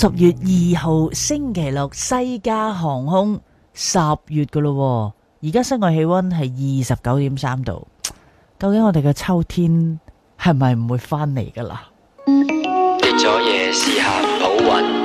十月二號星期六，西加航空十月噶咯，而家室外氣溫係二十九點三度，究竟我哋嘅秋天係咪唔會翻嚟噶啦？跌咗嘢試下好運。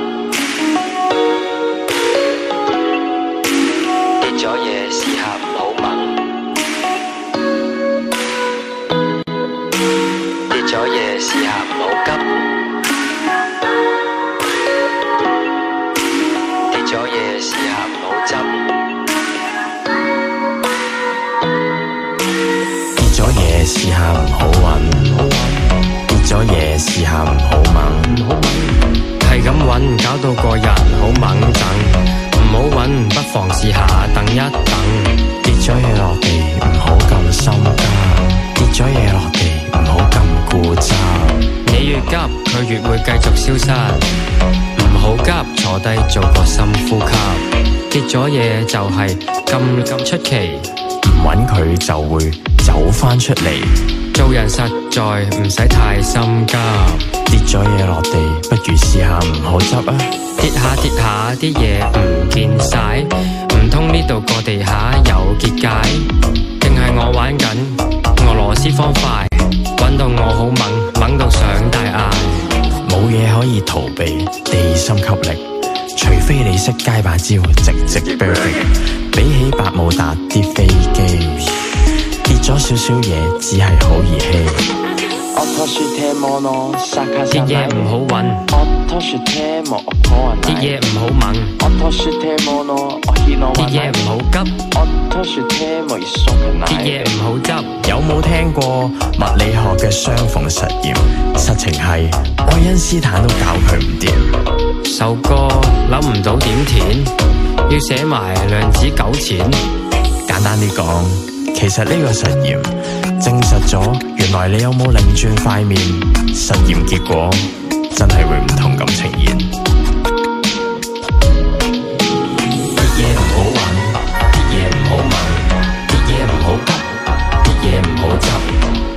唔好揾，跌咗嘢試下唔好猛，係咁揾搞到個人好猛等。唔好揾，不妨試下等一等。跌咗嘢落地唔好咁心急，跌咗嘢落地唔好咁固執。你越急佢越會繼續消失，唔好急，坐低做個深呼吸。跌咗嘢就係咁咁出奇，唔揾佢就會，走翻出嚟，做人實在唔使太心急。跌咗嘢落地，不如試下唔好執啊！跌下跌下啲嘢唔見晒，唔通呢度個地下有結界？定係我玩緊俄羅斯方塊，揾到我好猛，猛到上大嗌。冇嘢可以逃避地心吸力，除非你識街之蕉，直直 p e r f 比起百慕達啲飛機。少少嘢，只係好兒戲。啲嘢唔好揾，啲嘢唔好問，啲嘢唔好急，啲嘢唔好執。有冇聽過物理學嘅雙縫實驗？實情係愛因斯坦都搞佢唔掂。首歌諗唔到點填，要寫埋量子糾纏。簡單啲講。其實呢個實驗證實咗，原來你有冇擰轉塊面，實驗結果真係會唔同咁呈現。啲嘢唔好搵，啲嘢唔好問，啲嘢唔好揼，啲嘢唔好執。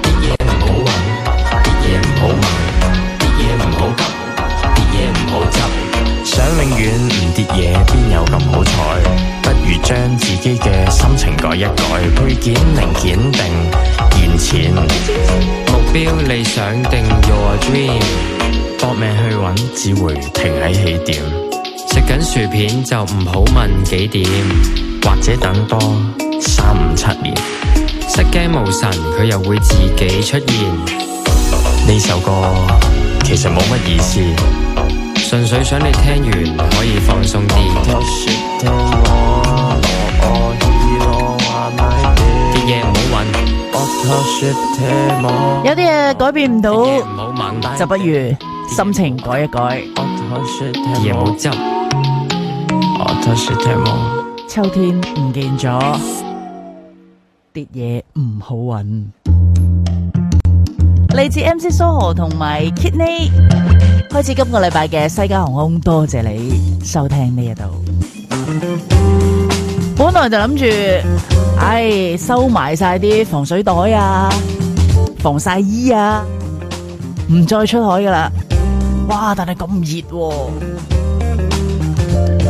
啲嘢唔好搵，啲嘢唔好問，啲嘢唔好揼，啲嘢唔好執。想永遠唔跌嘢，邊有咁好彩？將自己嘅心情改一改，配件零件定現錢，目標你想定，your dream，搏命去揾，只會停喺起點。食緊薯片就唔好問幾點，或者等多三五七年，失驚無神佢又會自己出現。呢首歌其實冇乜意思，純粹想你聽完可以放鬆啲。 有啲嘢改變唔到，就不如心情改一改。秋天唔見咗，啲嘢唔好揾。嚟自 MC 蘇荷同埋 Kitty，開始今個禮拜嘅《西加航空》，多謝你收聽呢一度。本來就諗住。唉，收埋晒啲防水袋啊，防曬衣啊，唔再出海噶啦。哇，但係咁熱，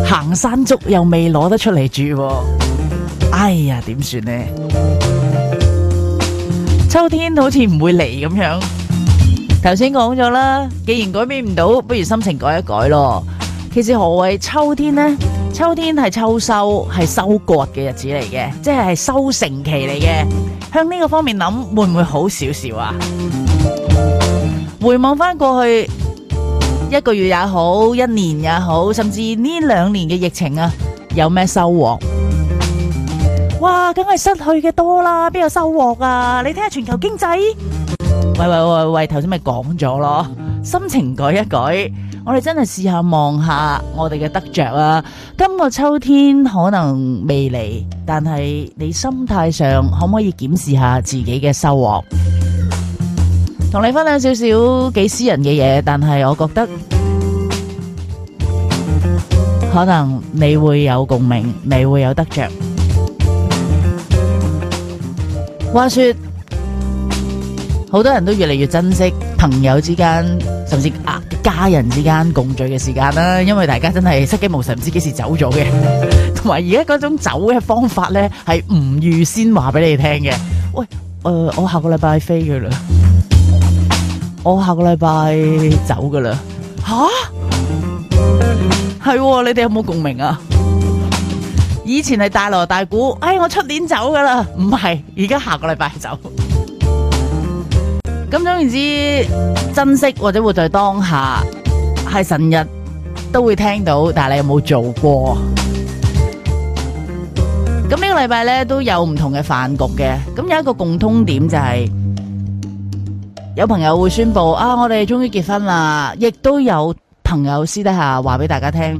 行山竹又未攞得出嚟住啊。哎呀，點算呢？秋天好似唔會嚟咁樣。頭先講咗啦，既然改變唔到，不如心情改一改咯。其實何謂秋天呢？秋天係秋收，係收割嘅日子嚟嘅，即係收成期嚟嘅。向呢個方面諗，會唔會好少少啊？回望翻過去一個月也好，一年也好，甚至呢兩年嘅疫情啊，有咩收穫？哇，梗係失去嘅多啦，邊有收穫啊？你聽下全球經濟，喂喂喂喂，頭先咪講咗咯，心情改一改。我哋真係試下望下我哋嘅得着啊！今個秋天可能未嚟，但係你心態上可唔可以檢視下自己嘅收穫？同你分享少少幾私人嘅嘢，但係我覺得可能你會有共鳴，你會有得着。話說，好多人都越嚟越珍惜朋友之間，甚至啊～家人之間共聚嘅時間啦，因為大家真係失驚無神，唔知幾時走咗嘅。同埋而家嗰種走嘅方法咧，係唔預先話俾你聽嘅。喂，誒、呃，我下個禮拜飛噶啦，我下個禮拜走噶啦。吓、啊，係、哦，你哋有冇共鳴啊？以前係大鑼大鼓，哎，我出年走噶啦，唔係，而家下個禮拜走。咁總言之，珍惜或者活在當下，係成日都會聽到，但係你有冇做過？咁呢個禮拜呢都有唔同嘅飯局嘅，咁有一個共通點就係，有朋友會宣佈啊，我哋終於結婚啦！亦都有朋友私底下話俾大家聽，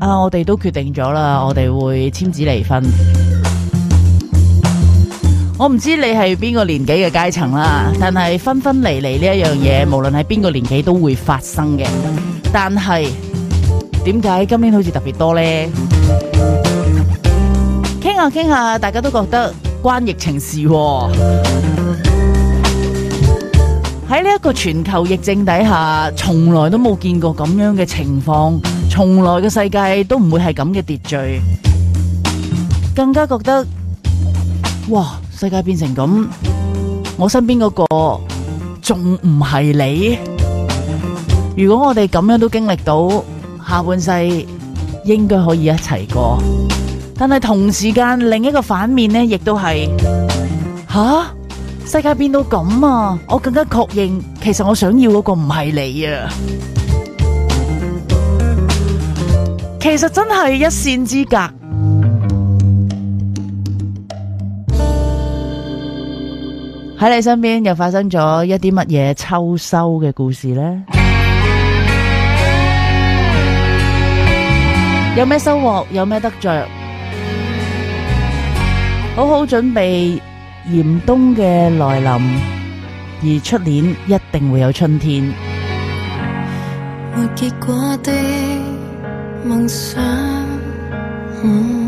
啊，我哋都決定咗啦，我哋會簽紙離婚。我唔知你係邊個年紀嘅階層啦，但係分分離離呢一樣嘢，無論係邊個年紀都會發生嘅。但係點解今年好似特別多呢？傾下傾下，大家都覺得關疫情事喎。喺呢一個全球疫症底下，從來都冇見過咁樣嘅情況，從來個世界都唔會係咁嘅秩序，更加覺得，哇！世界變成咁，我身邊嗰個仲唔係你？如果我哋咁樣都經歷到，下半世應該可以一齊過。但係同時間另一個反面呢，亦都係，吓？世界變到咁啊？我更加確認，其實我想要嗰個唔係你啊！其實真係一線之隔。.喺你身邊又發生咗一啲乜嘢秋收嘅故事呢？ 有咩收穫？有咩得着？好好準備嚴冬嘅來臨，而出年一定會有春天。沒結果的夢想。嗯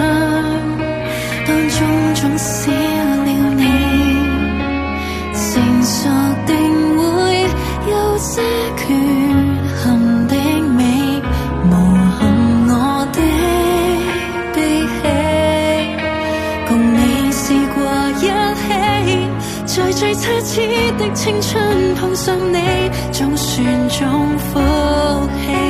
青春碰上你，總算種福氣。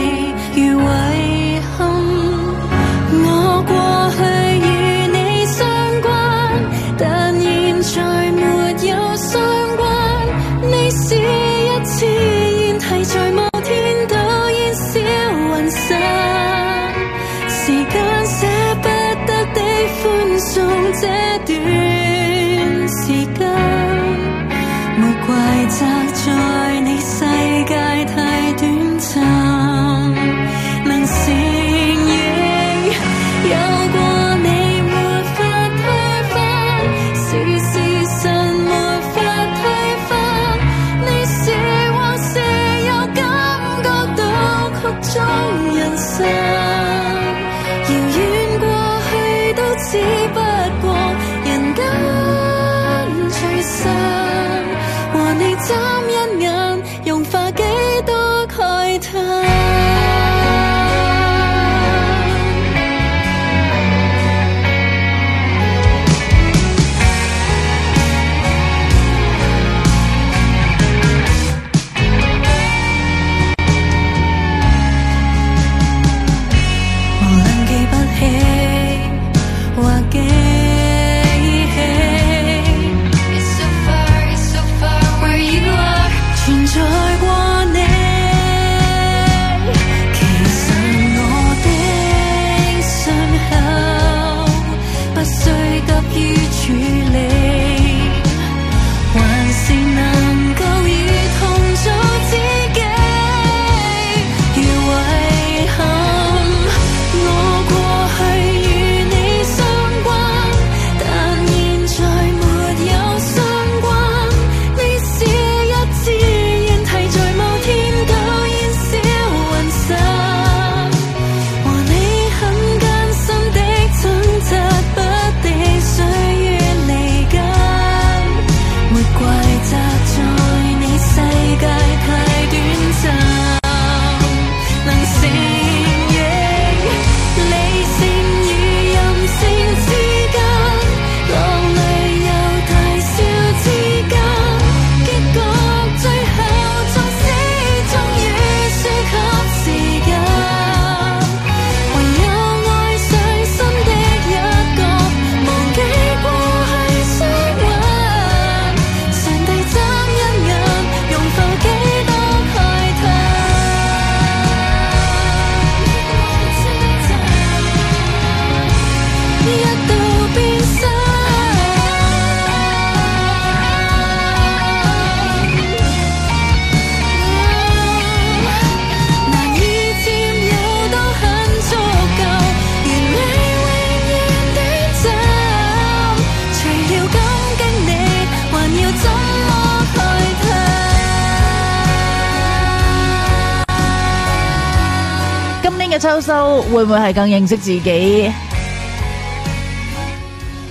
會唔會係更認識自己？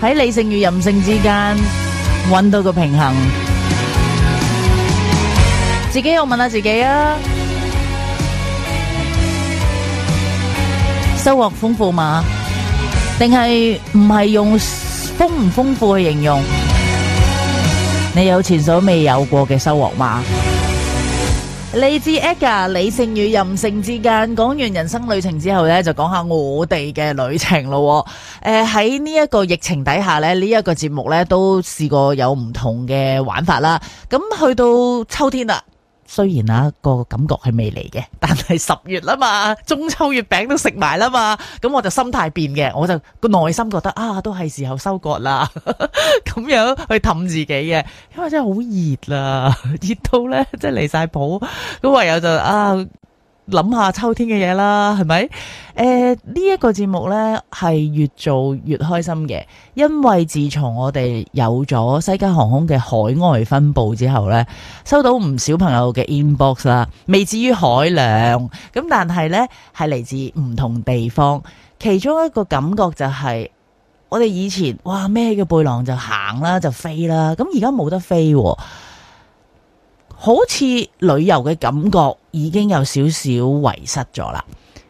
喺理性與任性之間揾到個平衡，自己我問下自己啊，收穫豐富嗎？定係唔係用豐唔豐富去形容？你有前所未有過嘅收穫嗎？嚟自 Edgar, 李自 Edgar，理性與任性之間，講完人生旅程之後咧，就講下我哋嘅旅程咯。誒、呃，喺呢一個疫情底下咧，呢、這、一個節目咧都試過有唔同嘅玩法啦。咁、嗯、去到秋天啦。雖然啊個,個感覺係未嚟嘅，但係十月啦嘛，中秋月餅都食埋啦嘛，咁我就心態變嘅，我就個內心覺得啊，都係時候收割啦，咁 樣去氹自己嘅，因為真係好熱啦，熱到呢，即係離晒譜，咁唯有就啊。諗下秋天嘅嘢啦，係咪？誒、呃，呢、這、一個節目呢係越做越開心嘅，因為自從我哋有咗西加航空嘅海外分部之後呢，收到唔少朋友嘅 inbox 啦，未至於海量，咁但係呢係嚟自唔同地方，其中一個感覺就係、是、我哋以前哇孭個背囊就行啦，就飛啦，咁而家冇得飛、哦。好似旅遊嘅感覺已經有少少遺失咗啦，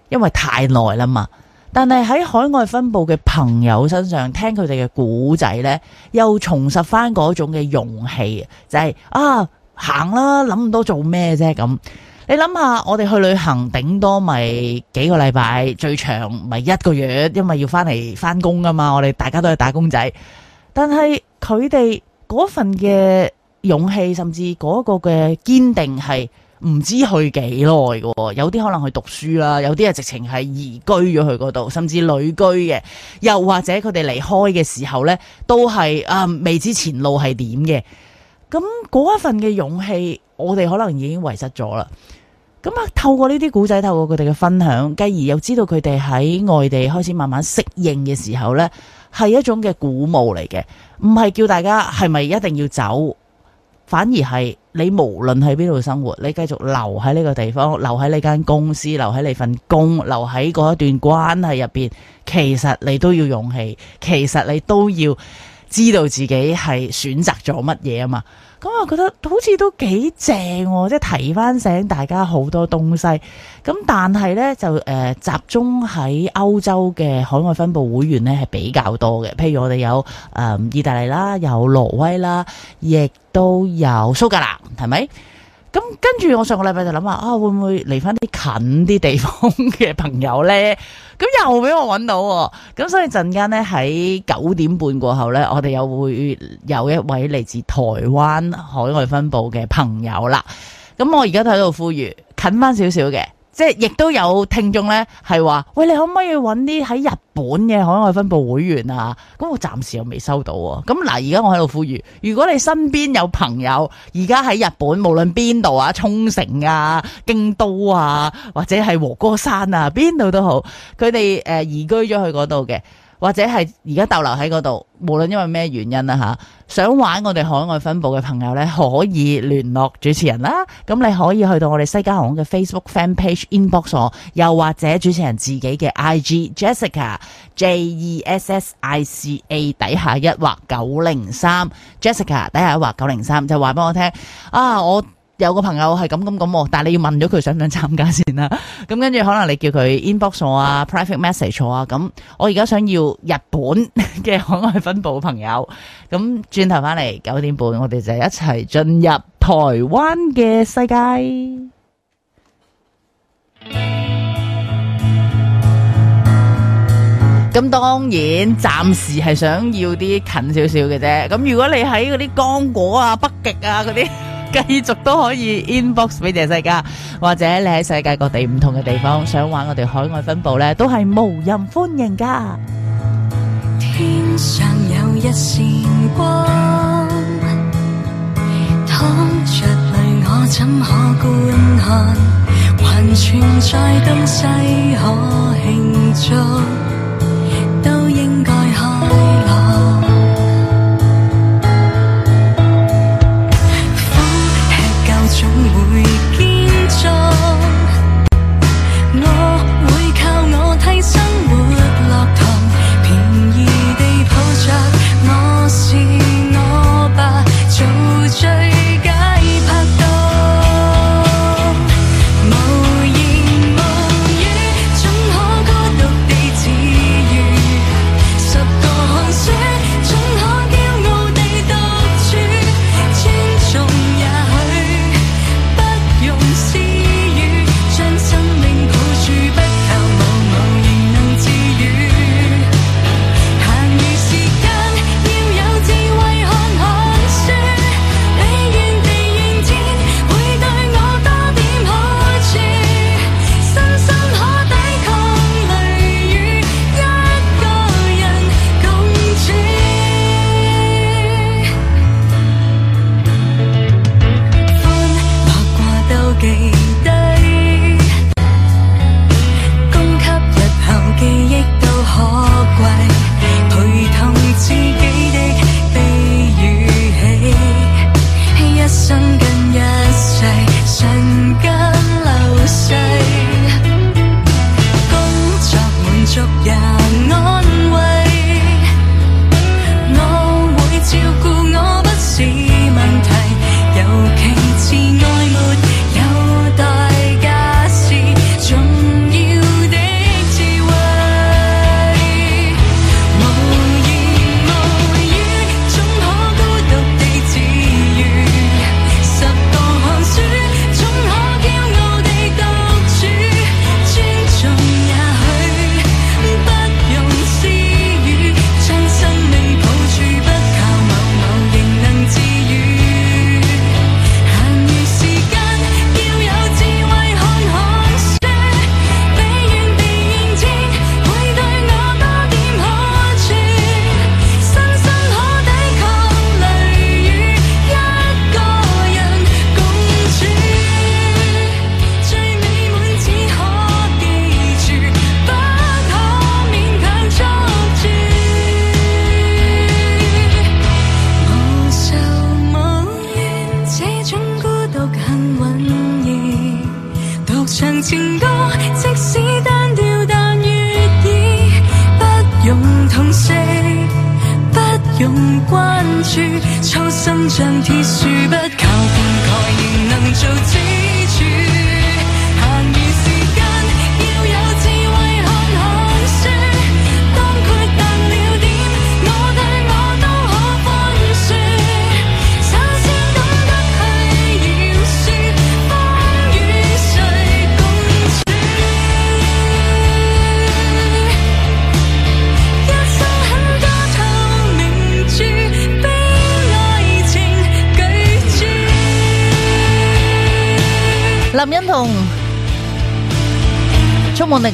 因為太耐啦嘛。但係喺海外分部嘅朋友身上聽佢哋嘅古仔呢，又重拾翻嗰種嘅勇氣，就係啊行啦，諗唔多做咩啫咁。你諗下，我哋去旅行頂多咪幾個禮拜，最長咪一個月，因為要翻嚟翻工噶嘛。我哋大家都係打工仔，但係佢哋嗰份嘅。勇氣甚至嗰一個嘅堅定係唔知去幾耐嘅，有啲可能去讀書啦，有啲係直情係移居咗去嗰度，甚至旅居嘅，又或者佢哋離開嘅時候呢，都係啊、嗯、未知前路係點嘅。咁嗰一份嘅勇氣，我哋可能已經遺失咗啦。咁啊，透過呢啲古仔，透過佢哋嘅分享，繼而又知道佢哋喺外地開始慢慢適應嘅時候呢，係一種嘅鼓舞嚟嘅，唔係叫大家係咪一定要走？反而係你無論喺邊度生活，你繼續留喺呢個地方，留喺呢間公司，留喺你份工，留喺嗰一段關係入邊，其實你都要勇氣，其實你都要知道自己係選擇咗乜嘢吖嘛。咁我覺得好似都幾正喎，即係提翻醒大家好多東西。咁但係呢，就誒、呃、集中喺歐洲嘅海外分部會員呢係比較多嘅，譬如我哋有誒、呃、意大利啦，有挪威啦，亦都有蘇格蘭，係咪？咁跟住我上個禮拜就諗啊，啊會唔會嚟翻啲近啲地方嘅朋友呢？咁又俾我揾到喎、哦，咁所以陣間呢，喺九點半過後呢，我哋又會有一位嚟自台灣海外分部嘅朋友啦。咁我而家都喺度呼籲近翻少少嘅。即係亦都有聽眾呢，係話喂，你可唔可以揾啲喺日本嘅海外分部會員啊？咁我暫時又未收到喎、啊。咁、嗯、嗱，而家我喺度呼籲，如果你身邊有朋友而家喺日本，無論邊度啊，沖繩啊、京都啊，或者係和歌山啊，邊度都好，佢哋誒移居咗去嗰度嘅。或者係而家逗留喺嗰度，無論因為咩原因啊。吓，想玩我哋海外分部嘅朋友呢，可以聯絡主持人啦。咁你可以去到我哋西加航空嘅 Facebook fan page inbox 度，又或者主持人自己嘅 IG Jessica J E S S I C A 底下一或九零三 Jessica 底下一或九零三，就話俾我聽啊我。啊我有個朋友係咁咁咁，但係你要問咗佢想唔想參加先啦。咁跟住可能你叫佢 inbox 我啊，private message 我啊。咁我而家想要日本嘅海外分部朋友。咁轉頭翻嚟九點半，我哋就一齊進入台灣嘅世界。咁當然暫時係想要啲近少少嘅啫。咁如果你喺嗰啲剛果啊、北極啊嗰啲。繼續都可以 inbox 俾全世界，或者你喺世界各地唔同嘅地方想玩我哋海外分部呢，都係無任歡迎㗎。天上有一線光，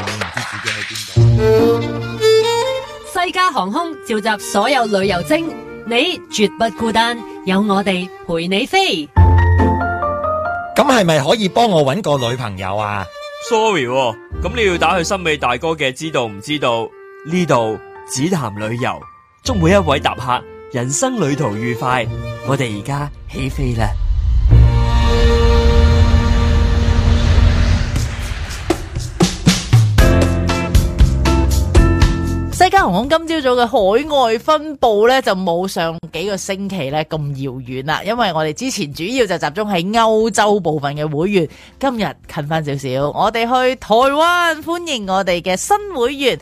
唔知自己喺邊度，西加航空召集所有旅遊精，你絕不孤單，有我哋陪你飛。咁係咪可以幫我揾個女朋友啊？Sorry，咁、哦、你要打去森美大哥嘅，知道唔知道？呢度只談旅遊，祝每一位搭客人生旅途愉快。 我哋而家起飛啦！香港今朝早嘅海外分佈呢，就冇上幾個星期呢咁遙遠啦，因為我哋之前主要就集中喺歐洲部分嘅會員，今日近翻少少。我哋去台灣，歡迎我哋嘅新會員。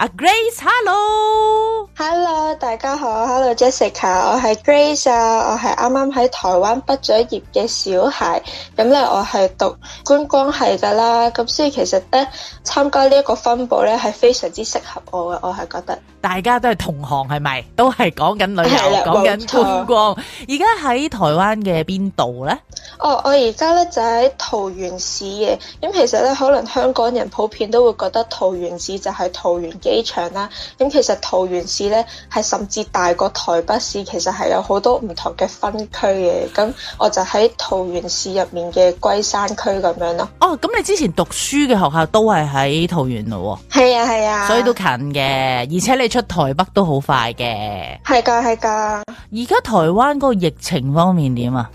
啊，Grace，hello，hello，大家好，hello，Jessica，我係 Grace 啊，我係啱啱喺台灣畢咗業嘅小孩，咁咧我係讀觀光係㗎啦，咁所以其實咧參加呢一個分部咧係非常之適合我嘅，我係覺得。大家都係同行係咪？都係講緊旅遊，講緊的觀光。而家喺台灣嘅邊度呢？哦，我而家咧就喺、是、桃園市嘅。咁、嗯、其實咧，可能香港人普遍都會覺得桃園市就係桃園機場啦。咁、嗯、其實桃園市咧係甚至大過台北市，其實係有好多唔同嘅分區嘅。咁、嗯、我就喺桃園市入面嘅龜山區咁樣咯。哦，咁、嗯、你之前讀書嘅學校都係喺桃園咯？係啊，係啊。所以都近嘅，而且你。 出台北都好快嘅，係噶係噶。而家台灣嗰個疫情方面點啊？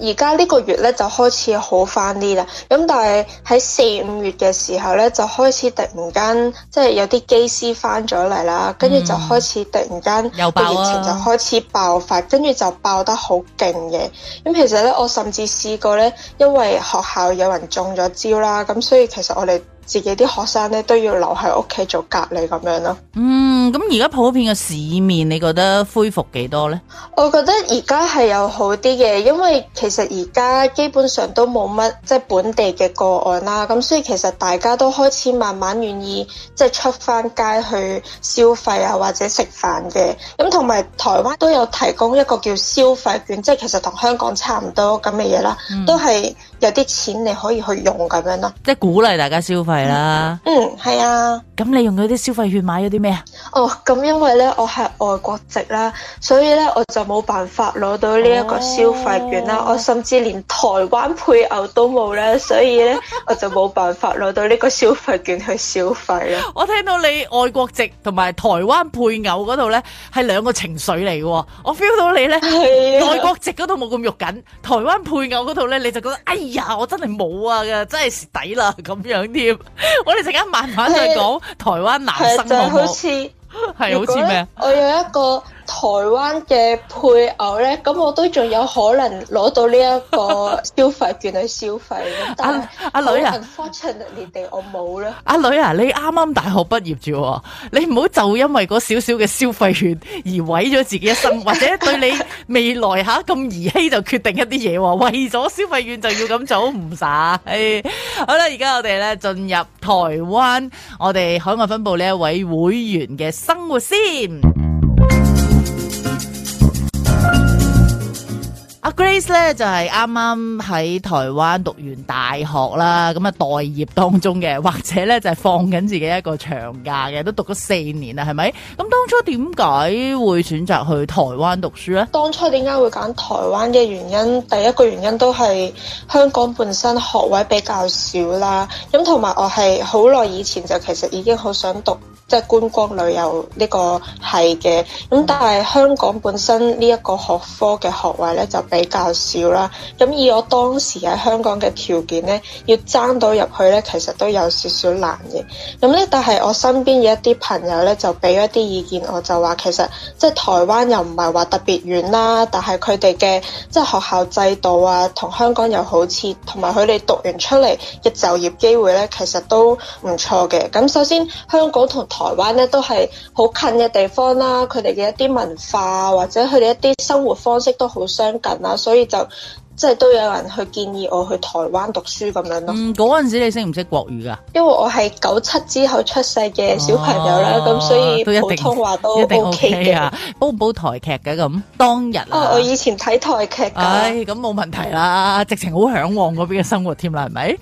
而家呢個月咧就開始好翻啲啦。咁但係喺四五月嘅時候咧，就開始突然間即係有啲機師翻咗嚟啦，跟住就開始突然間有、嗯、爆啊！疫情就開始爆發，跟住就爆得好勁嘅。咁其實咧，我甚至試過咧，因為學校有人中咗招啦，咁所以其實我哋。自己啲學生咧都要留喺屋企做隔離咁樣咯。嗯，咁而家普遍嘅市面，你覺得恢復幾多呢？我覺得而家係有好啲嘅，因為其實而家基本上都冇乜即係本地嘅個案啦。咁所以其實大家都開始慢慢願意即係、就係、出翻街去消費啊，或者食飯嘅。咁同埋台灣都有提供一個叫消費券，即、就、係、係、其實同香港差唔多咁嘅嘢啦，嗯、都係。有啲錢你可以去用咁樣咯，即係鼓勵大家消費啦。嗯，係啊。咁你用咗啲消費券買咗啲咩啊？哦，咁因為咧我係外國籍啦，所以咧我就冇辦法攞到呢一個消費券啦。哦、我甚至連台灣配偶都冇咧，所以咧我就冇辦法攞到呢個消費券去消費啦。 我聽到你外國籍同埋台灣配偶嗰度咧係兩個情緒嚟嘅，我 feel 到你咧外、啊、國籍嗰度冇咁肉緊，台灣配偶嗰度咧你就覺得哎。哎、呀！我真係冇啊，真係蝕底啦咁樣添。 我哋陣間慢慢再講台灣男生好唔好？好似係好似咩啊？我有一個。台灣嘅配偶呢，咁我都仲有可能攞到呢一個消費券去消費。 但阿是女啊，翻哋，我冇啦。阿女啊，你啱啱大學畢業啫，你唔好就因為嗰少少嘅消費券而毀咗自己一生， 或者對你未來吓咁兒戲就決定一啲嘢。為咗消費券就要咁做唔使、 哎。好啦，而家我哋呢，進入台灣，我哋海外分部呢一位會員嘅生活先。Grace 咧就係啱啱喺台灣讀完大學啦，咁啊待業當中嘅，或者咧就係、是、放緊自己一個長假嘅，都讀咗四年啦，係咪？咁當初點解會選擇去台灣讀書呢？當初點解會揀台灣嘅原因？第一個原因都係香港本身學位比較少啦，咁同埋我係好耐以前就其實已經好想讀。即係觀光旅遊呢個係嘅，咁但係香港本身呢一個學科嘅學位咧就比較少啦。咁以我當時喺香港嘅條件咧，要爭到入去咧，其實都有少少難嘅。咁咧，但係我身邊嘅一啲朋友咧，就俾一啲意見，我就話其實即係台灣又唔係話特別遠啦，但係佢哋嘅即係學校制度啊，同香港又好似，同埋佢哋讀完出嚟嘅就業機會咧，其實都唔錯嘅。咁首先香港同台灣咧都係好近嘅地方啦，佢哋嘅一啲文化或者佢哋一啲生活方式都好相近啦，所以就即係、就是、都有人去建議我去台灣讀書咁樣咯。嗯，嗰陣時你識唔識國語噶？因為我係九七之後出世嘅小朋友啦，咁、哦、所以普通話都 OK 嘅。煲唔煲台劇嘅？咁當日啊，啊？我以前睇台劇嘅。唉、哎，咁冇問題啦，直情好嚮往嗰邊嘅生活添啦，係咪？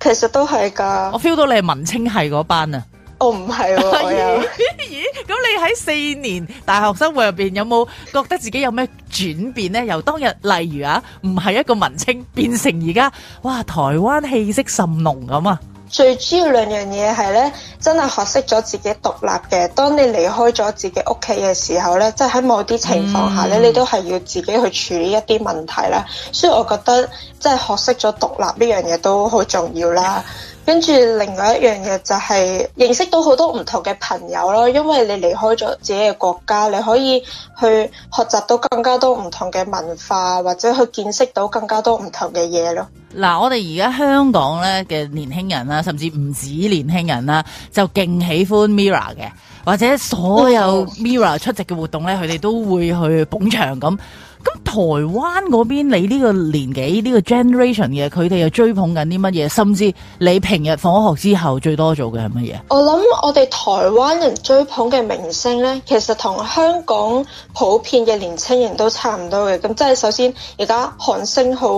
其實都係噶。我 feel 到你係文青係嗰班啊！哦哦、我唔係喎，咦？咁你喺四年大學生活入邊有冇覺得自己有咩轉變呢？由當日例如啊，唔係一個文青，變成而家哇，台灣氣息甚濃咁啊！最主要兩樣嘢係呢，真係學識咗自己獨立嘅。當你離開咗自己屋企嘅時候呢，即係喺某啲情況下呢，嗯、你都係要自己去處理一啲問題啦。所以我覺得即係學識咗獨立呢樣嘢都好重要啦。 跟住另外一樣嘢就係認識到好多唔同嘅朋友咯，因為你離開咗自己嘅國家，你可以去學習到更加多唔同嘅文化，或者去見識到更加多唔同嘅嘢咯。嗱，我哋而家香港咧嘅年輕人啦，甚至唔止年輕人啦，就勁喜歡 Mira 嘅，或者所有 Mira 出席嘅活動咧，佢哋都會去捧場咁。咁台灣嗰邊，你呢個年紀呢個 generation 嘅，佢哋又追捧緊啲乜嘢？甚至你平日放咗學之後，最多做嘅係乜嘢？我諗我哋台灣人追捧嘅明星呢，其實同香港普遍嘅年輕人都差唔多嘅。咁即係首先而家韓星好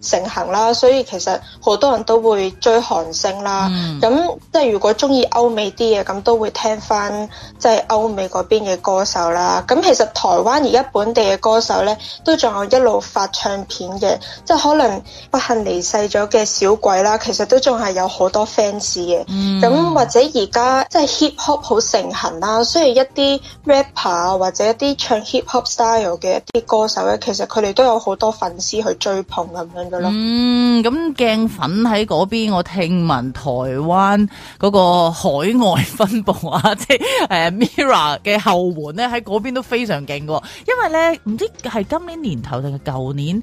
盛行啦，所以其實好多人都會追韓星啦。咁即係如果中意歐美啲嘢，咁都會聽翻即係歐美嗰邊嘅歌手啦。咁其實台灣而家本地嘅歌手呢，都仲有一路發唱片嘅，即係可能不幸離世咗嘅小鬼啦，其實都仲係有好多 fans 嘅。咁、嗯嗯、或者而家即係 hip hop 好盛行啦，雖然一啲 rapper 啊或者一啲唱 hip hop style 嘅一啲歌手咧，其實佢哋都有好多粉絲去追捧咁樣嘅咯。嗯，咁鏡粉喺嗰邊我聽聞台灣嗰個海外分部啊，即係誒 MIRROR 嘅後援咧，喺嗰邊都非常勁嘅、啊、因為咧，唔知係今。今年年頭定係舊年，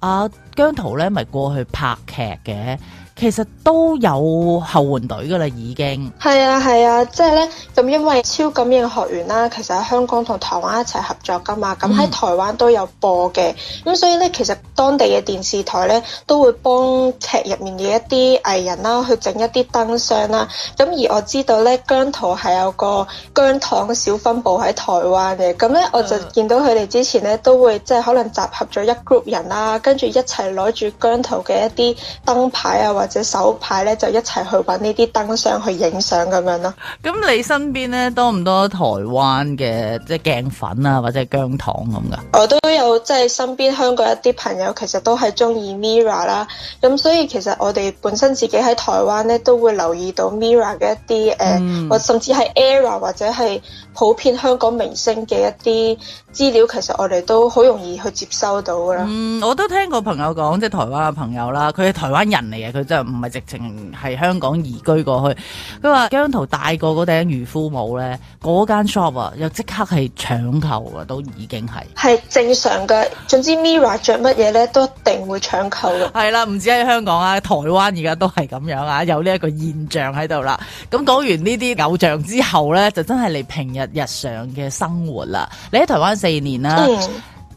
阿、啊、姜濤咧咪過去拍劇嘅。其實都有後援隊噶啦，已經係啊係啊，即係咧咁，因為超感應學員啦，其實喺香港同台灣一齊合作噶嘛，咁喺、嗯、台灣都有播嘅，咁所以咧，其實當地嘅電視台咧都會幫劇入面嘅一啲藝人啦去整一啲燈箱啦，咁而我知道咧姜濤係有個姜糖小分部喺台灣嘅，咁咧我就見到佢哋之前咧都會即係可能集合咗一 group 人啦，跟住一齊攞住姜濤嘅一啲燈牌啊或者手牌咧，就一齊去揾呢啲燈箱去影相咁樣咯。咁你身邊咧多唔多台灣嘅即係鏡粉啊，或者薑糖咁㗎？我都有即係身邊香港一啲朋友，其實都係中意 Mira 啦。咁所以其實我哋本身自己喺台灣咧，都會留意到 Mira 嘅一啲誒，或、呃嗯、甚至係 ERA 或者係。普遍香港明星嘅一啲資料，其實我哋都好容易去接收到噶啦。嗯，我都聽過朋友講，即係台灣嘅朋友啦，佢係台灣人嚟嘅，佢真係唔係直情係香港移居過去。佢話姜濤戴過嗰頂漁夫帽咧，嗰間 shop 啊，又即刻係搶購啊，都已經係係正常嘅。總之 MIRROR 着乜嘢咧，都一定會搶購嘅。係啦，唔止喺香港啊，台灣而家都係咁樣啊，有呢一個現象喺度啦。咁講完呢啲偶像之後咧，就真係嚟平日。日常嘅生活啦，你喺台灣四年啦，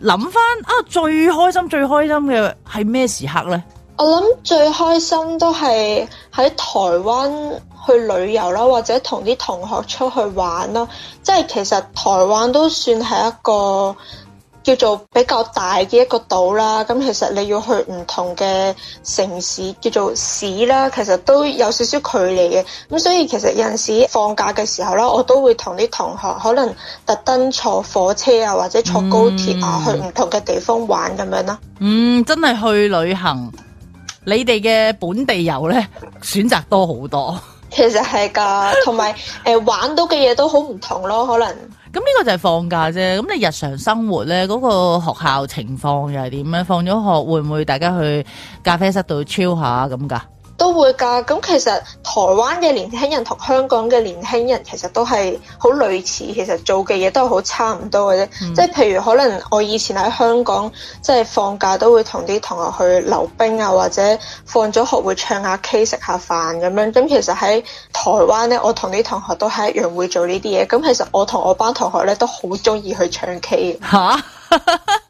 諗翻、嗯、啊最開心最開心嘅係咩時刻呢？我諗最開心都係喺台灣去旅遊咯，或者同啲同學出去玩咯，即係其實台灣都算係一個。叫做比較大嘅一個島啦，咁其實你要去唔同嘅城市叫做市啦，其實都有少少距離嘅，咁所以其實有陣時放假嘅時候啦，我都會同啲同學可能特登坐火車啊，或者坐高鐵啊，嗯、去唔同嘅地方玩咁樣咯。嗯，真係去旅行，你哋嘅本地遊呢，選擇多好多 。其實係噶，同埋誒玩到嘅嘢都好唔同咯，可能。咁呢個就係放假啫。咁你日常生活咧，嗰、那個學校情況又係點咧？放咗學會唔會大家去咖啡室度超下咁㗎？都會㗎，咁其實台灣嘅年輕人同香港嘅年輕人其實都係好類似，其實做嘅嘢都係好差唔多嘅啫。嗯、即係譬如可能我以前喺香港，即係放假都會同啲同學去溜冰啊，或者放咗學會唱下 K 食下飯咁樣。咁其實喺台灣呢，我同啲同學都係一樣會做呢啲嘢。咁其實我同我班同學呢，都好中意去唱 K。嚇哈！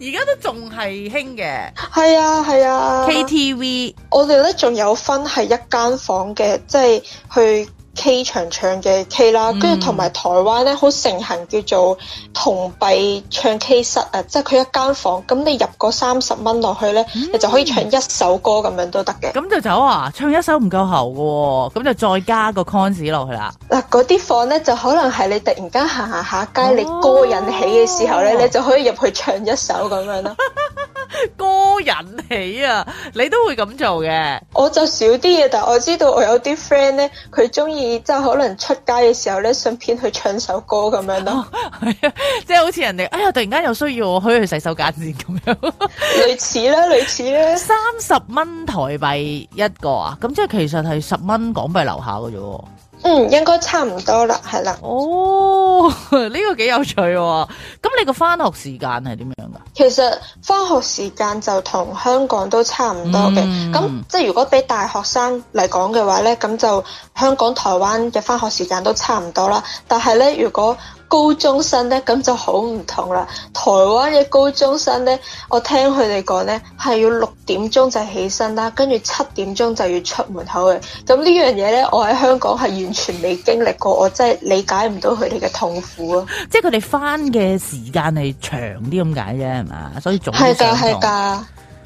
而家都仲係興嘅，係啊，係啊，KTV，我哋咧仲有分係一間房嘅，即係去 K 場唱嘅 K 啦、嗯，跟住同埋台灣咧好盛行叫做銅幣唱 K 室啊，即係佢一間房，咁你入個三十蚊落去咧，嗯、你就可以唱一首歌咁樣都得嘅。咁、嗯、就走啊！唱一首唔夠喉嘅、哦，咁就再加個 coin 落去啦。嗱，嗰啲房咧就可能係你突然間行行下街，你歌癮起嘅時候咧，哦、你就可以入去唱一首咁樣咯。 歌引起啊，你都會咁做嘅。我就少啲嘢，但我知道我有啲 friend 咧，佢中意即係可能出街嘅時候咧，順便去唱首歌咁樣咯。係啊、哦，即係好似人哋哎呀，突然間有需要我，可以去洗手間先咁樣。 類似啦，類似啦。三十蚊台幣一個啊，咁即係其實係十蚊港幣樓下嘅啫。嗯，應該差唔多啦，係啦。哦，呢、這個幾有趣喎。哦。咁你個返學時間係點樣㗎？其實返學時間就同香港都差唔多嘅。咁、嗯、即係如果俾大學生嚟講嘅話呢，咁就香港、台灣嘅返學時間都差唔多啦。但係呢，如果高中生咧，咁就好唔同啦。台灣嘅高中生咧，我聽佢哋講咧係要六點鐘就起身啦，跟住七點鐘就要出門口嘅。咁呢樣嘢咧，我喺香港係完全未經歷過，我真係理解唔到佢哋嘅痛苦啊。即係佢哋返嘅時間係長啲咁解啫，係嘛？所以仲係㗎，係㗎。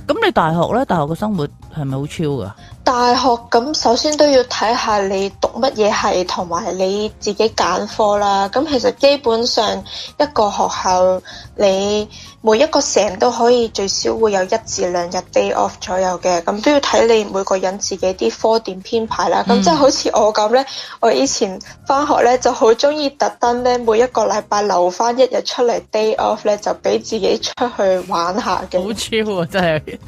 咁你大學咧，大學嘅生活係咪好超㗎？大學咁，首先都要睇下你讀乜嘢系，同埋你自己揀科啦。咁其實基本上一個學校你。每一個成都可以最少會有一至兩日 day off 左右嘅，咁都要睇你每個人自己啲科點編排啦。咁即係好似我咁呢，我以前翻學呢就好中意特登呢，每一個禮拜留翻一日出嚟 day off 呢，就俾自己出去玩下嘅。好超啊！真係。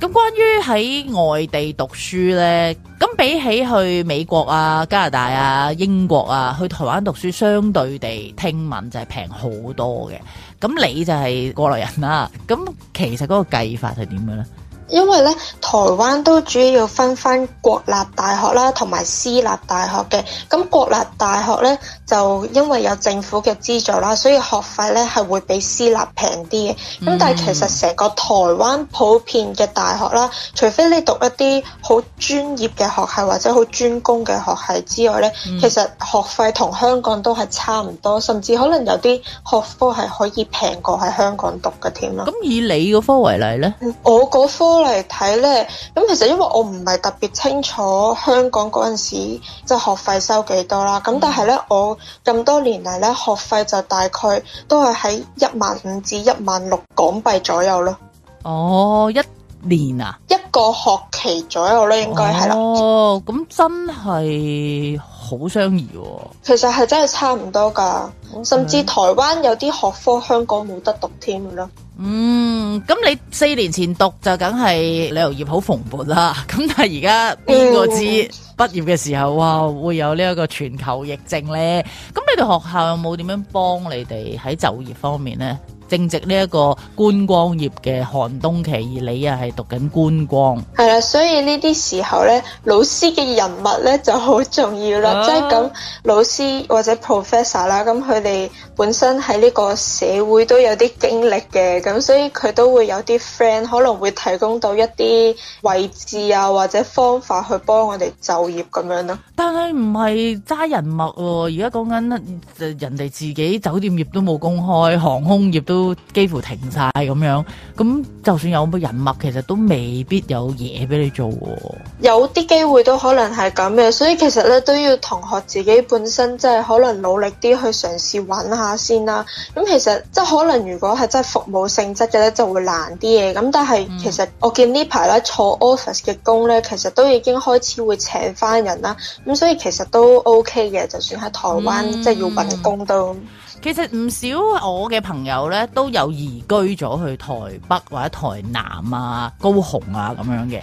咁關於喺外地讀書呢，咁比起去美國啊、加拿大啊、英國啊，去台灣讀書相對地聽聞就係平好多嘅。咁你就係過來人啦，咁其實嗰個計法係點樣咧？因為咧，台灣都主要分翻國立大學啦，同埋私立大學嘅。咁國立大學咧，就因為有政府嘅資助啦，所以學費咧係會比私立平啲嘅。咁、嗯、但係其實成個台灣普遍嘅大學啦，除非你讀一啲好專業嘅學系或者好專攻嘅學系之外咧，嗯、其實學費同香港都係差唔多，甚至可能有啲學科係可以平過喺香港讀嘅添啦。咁、嗯、以你個科為例咧，我嗰科嚟睇咧，咁其實因為我唔係特別清楚香港嗰陣時即係學費收幾多啦，咁、嗯、但係咧我咁多年嚟咧學費就大概都係喺一萬五至一萬六港幣左右咯。哦，一年啊，一。個學期左右咯，應該係啦。哦，咁真係好相宜，哦。其實係真係差唔多噶，嗯、甚至台灣有啲學科香港冇得讀添噶，嗯，咁你四年前讀就梗係旅遊業好蓬勃啦。咁但係而家邊個知畢業嘅時候，嗯、哇會有呢一個全球疫症呢？咁你哋學校有冇點樣幫你哋喺就業方面呢？正值呢一個觀光業嘅寒冬期，而你啊係讀緊觀光，係啦，所以呢啲時候咧，老師嘅人脈咧就好重要啦。即係咁，老師或者 professor 啦，咁佢哋本身喺呢個社會都有啲經歷嘅，咁所以佢都會有啲 friend 可能會提供到一啲位置啊，或者方法去幫我哋就業咁樣咯。但係唔係揸人脈喎？而家講緊人哋自己酒店業都冇公開，航空業都。都幾乎停晒咁樣，咁就算有乜人脈，其實都未必有嘢俾你做，哦。有啲機會都可能係咁嘅，所以其實咧都要同學自己本身即係可能努力啲去嘗試揾下先啦。咁其實即係可能如果係真係服務性質嘅咧，就會難啲嘅。咁但係其實我見、嗯、呢排咧坐 office 嘅工咧，其實都已經開始會請翻人啦。咁所以其實都 OK 嘅，就算喺台灣即係要揾工都。嗯其實唔少我嘅朋友呢都有移居咗去台北或者台南啊、高雄啊咁樣嘅。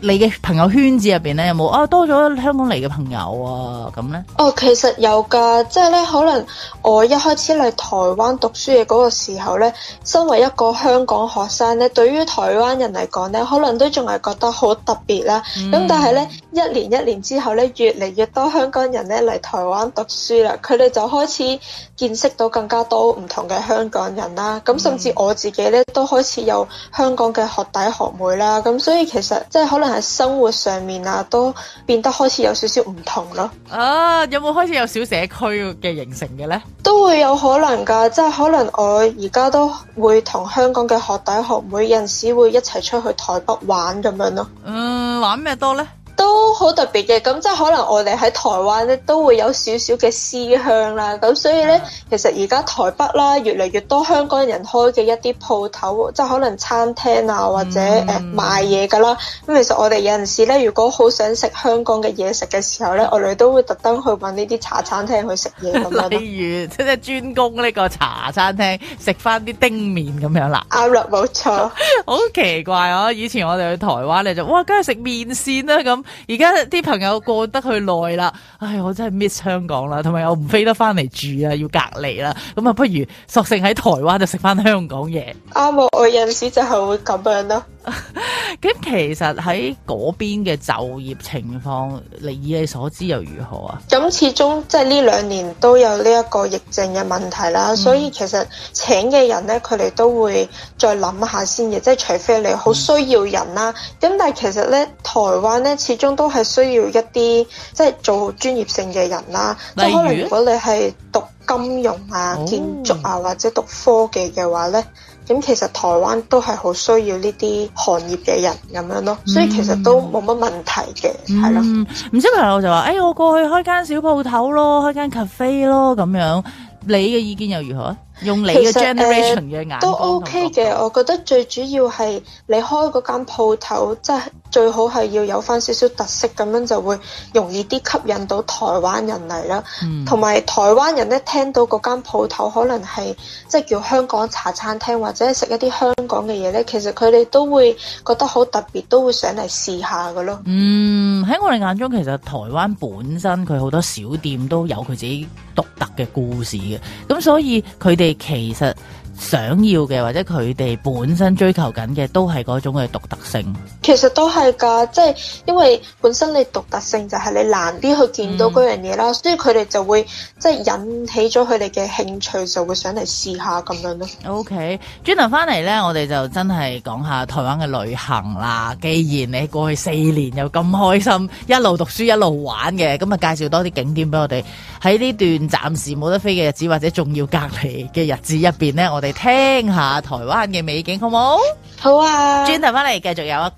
你嘅朋友圈子入邊咧有冇啊，多咗香港嚟嘅朋友啊咁咧？呢哦，其實有噶，即係咧可能我一開始嚟台灣讀書嘅嗰個時候咧，身為一個香港學生咧，對於台灣人嚟講咧，可能都仲係覺得好特別啦。咁、嗯、但係咧，一年一年之後咧，越嚟越多香港人咧嚟台灣讀書啦，佢哋就開始見識到更加多唔同嘅香港人啦。咁甚至我自己咧都開始有香港嘅學弟學妹啦。咁所以其實即係可能。但係生活上面啊，都變得開始有少少唔同咯。啊，有冇開始有小社區嘅形成嘅呢？都會有可能噶，即係可能我而家都會同香港嘅學弟學妹，有陣時會一齊出去台北玩咁樣咯。嗯，玩咩多呢？都好特別嘅，咁即係可能我哋喺台灣咧都會有少少嘅思鄉啦，咁所以咧、嗯、其實而家台北啦越嚟越多香港人開嘅一啲鋪頭，即係可能餐廳啊或者誒、嗯呃、賣嘢㗎啦。咁其實我哋有陣時咧，如果好想食香港嘅嘢食嘅時候咧，我哋都會特登去揾呢啲茶餐廳去食嘢咁樣。例如即係專供呢個茶餐廳，食翻啲丁麵咁樣啦。啱啦，冇錯。 好奇怪哦！以前我哋去台灣咧，就哇，梗係食麵線啦、啊、咁。而家啲朋友過得去耐啦，唉，我真係 miss 香港啦，同埋我唔飛得翻嚟住啊，要隔離啦，咁啊，不如索性喺台灣就食翻香港嘢。啱我我有陣時就係會咁樣咯。咁 其實喺嗰邊嘅就業情況，你以你所知又如何啊？咁始終即係呢兩年都有呢一個疫症嘅問題啦，嗯、所以其實請嘅人咧，佢哋都會再諗下先嘅，即係除非你好需要人啦。咁、嗯、但係其實咧，台灣咧始終都係需要一啲即係做專業性嘅人啦，即係如可能如果你係讀金融啊、哦、建築啊或者讀科技嘅話咧。咁其實台灣都係好需要呢啲行業嘅人咁樣咯，嗯、所以其實都冇乜問題嘅，係咯、嗯。唔知佢就話、哎：，我過去開間小鋪頭咯，開間 cafe 咯，咁樣。你嘅意見又如何？用你嘅 generation 嘅眼、呃、都 OK 嘅，嗯、我覺得最主要係你開嗰間鋪頭，即係、嗯、最好係要有翻少少特色，咁樣就會容易啲吸引到台灣人嚟啦。同埋、嗯、台灣人咧，聽到嗰間鋪頭可能係即係叫香港茶餐廳或者食一啲香港嘅嘢咧，其實佢哋都會覺得好特別，都會想嚟試下嘅咯。嗯，喺我哋眼中，其實台灣本身佢好多小店都有佢自己獨特嘅故事嘅，咁所以佢哋。其實想要嘅，或者佢哋本身追求緊嘅，都係嗰種嘅獨特性。其實都係㗎，即係因為本身你獨特性就係你難啲去見到嗰樣嘢啦，嗯、所以佢哋就會即係、就是、引起咗佢哋嘅興趣，就會上嚟試下咁樣咯。OK，轉頭翻嚟呢，我哋就真係講下台灣嘅旅行啦。既然你過去四年又咁開心，一路讀書一路玩嘅，咁啊介紹多啲景點俾我哋喺呢段暫時冇得飛嘅日子，或者仲要隔離嘅日子入邊呢，我哋聽下台灣嘅美景好冇？好啊，轉頭翻嚟繼續有啊。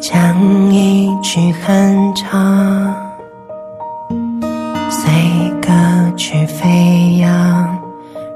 講一句哼唱，隨歌曲飛揚。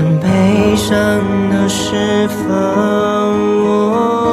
將悲傷都釋放。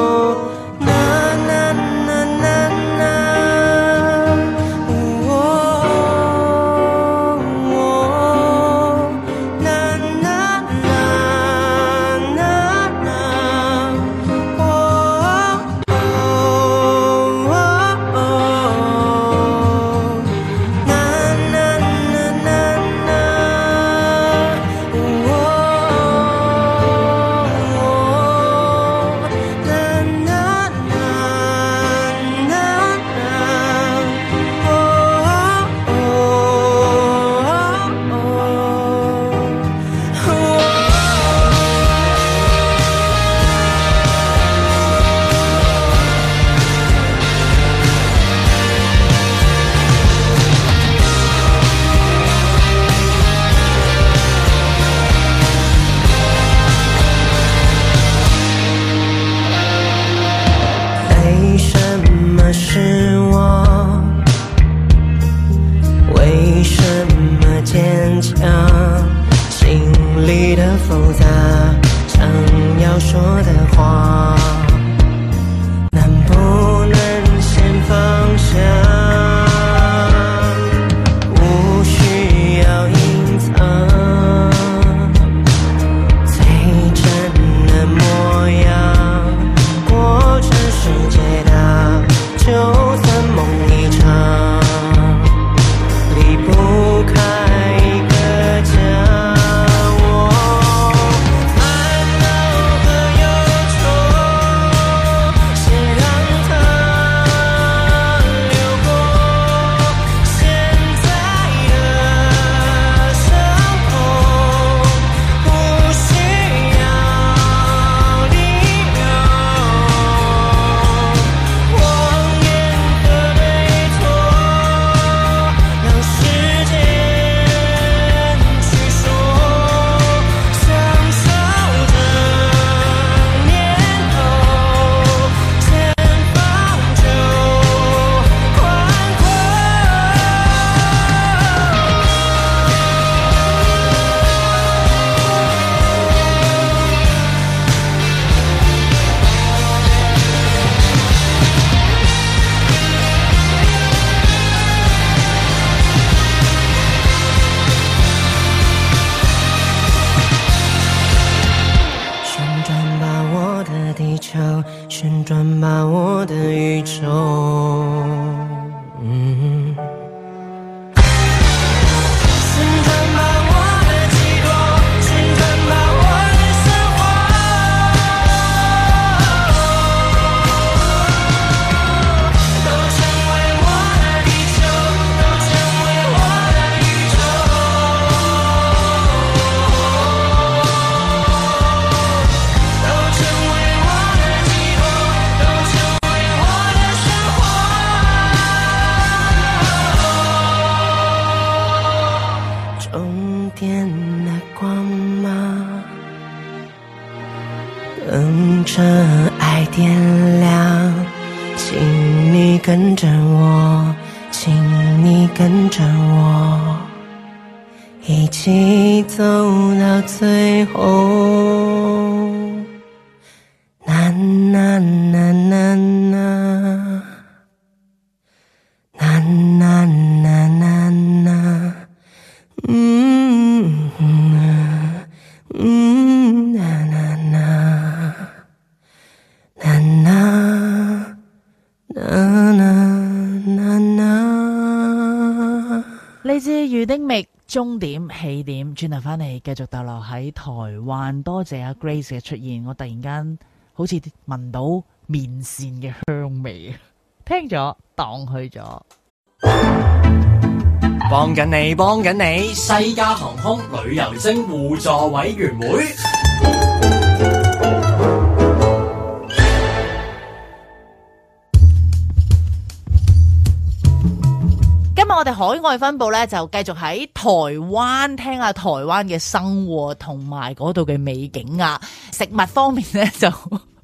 終點、起點，轉頭翻嚟，繼續逗留喺台灣。多謝阿、啊、Grace 嘅出現，我突然間好似聞到麵線嘅香味啊！聽咗，蕩去咗，幫緊你，幫緊你，西加航空旅遊星互助委員會。我哋海外分布咧，就繼續喺台灣聽下台灣嘅生活同埋嗰度嘅美景啊！食物方面咧，就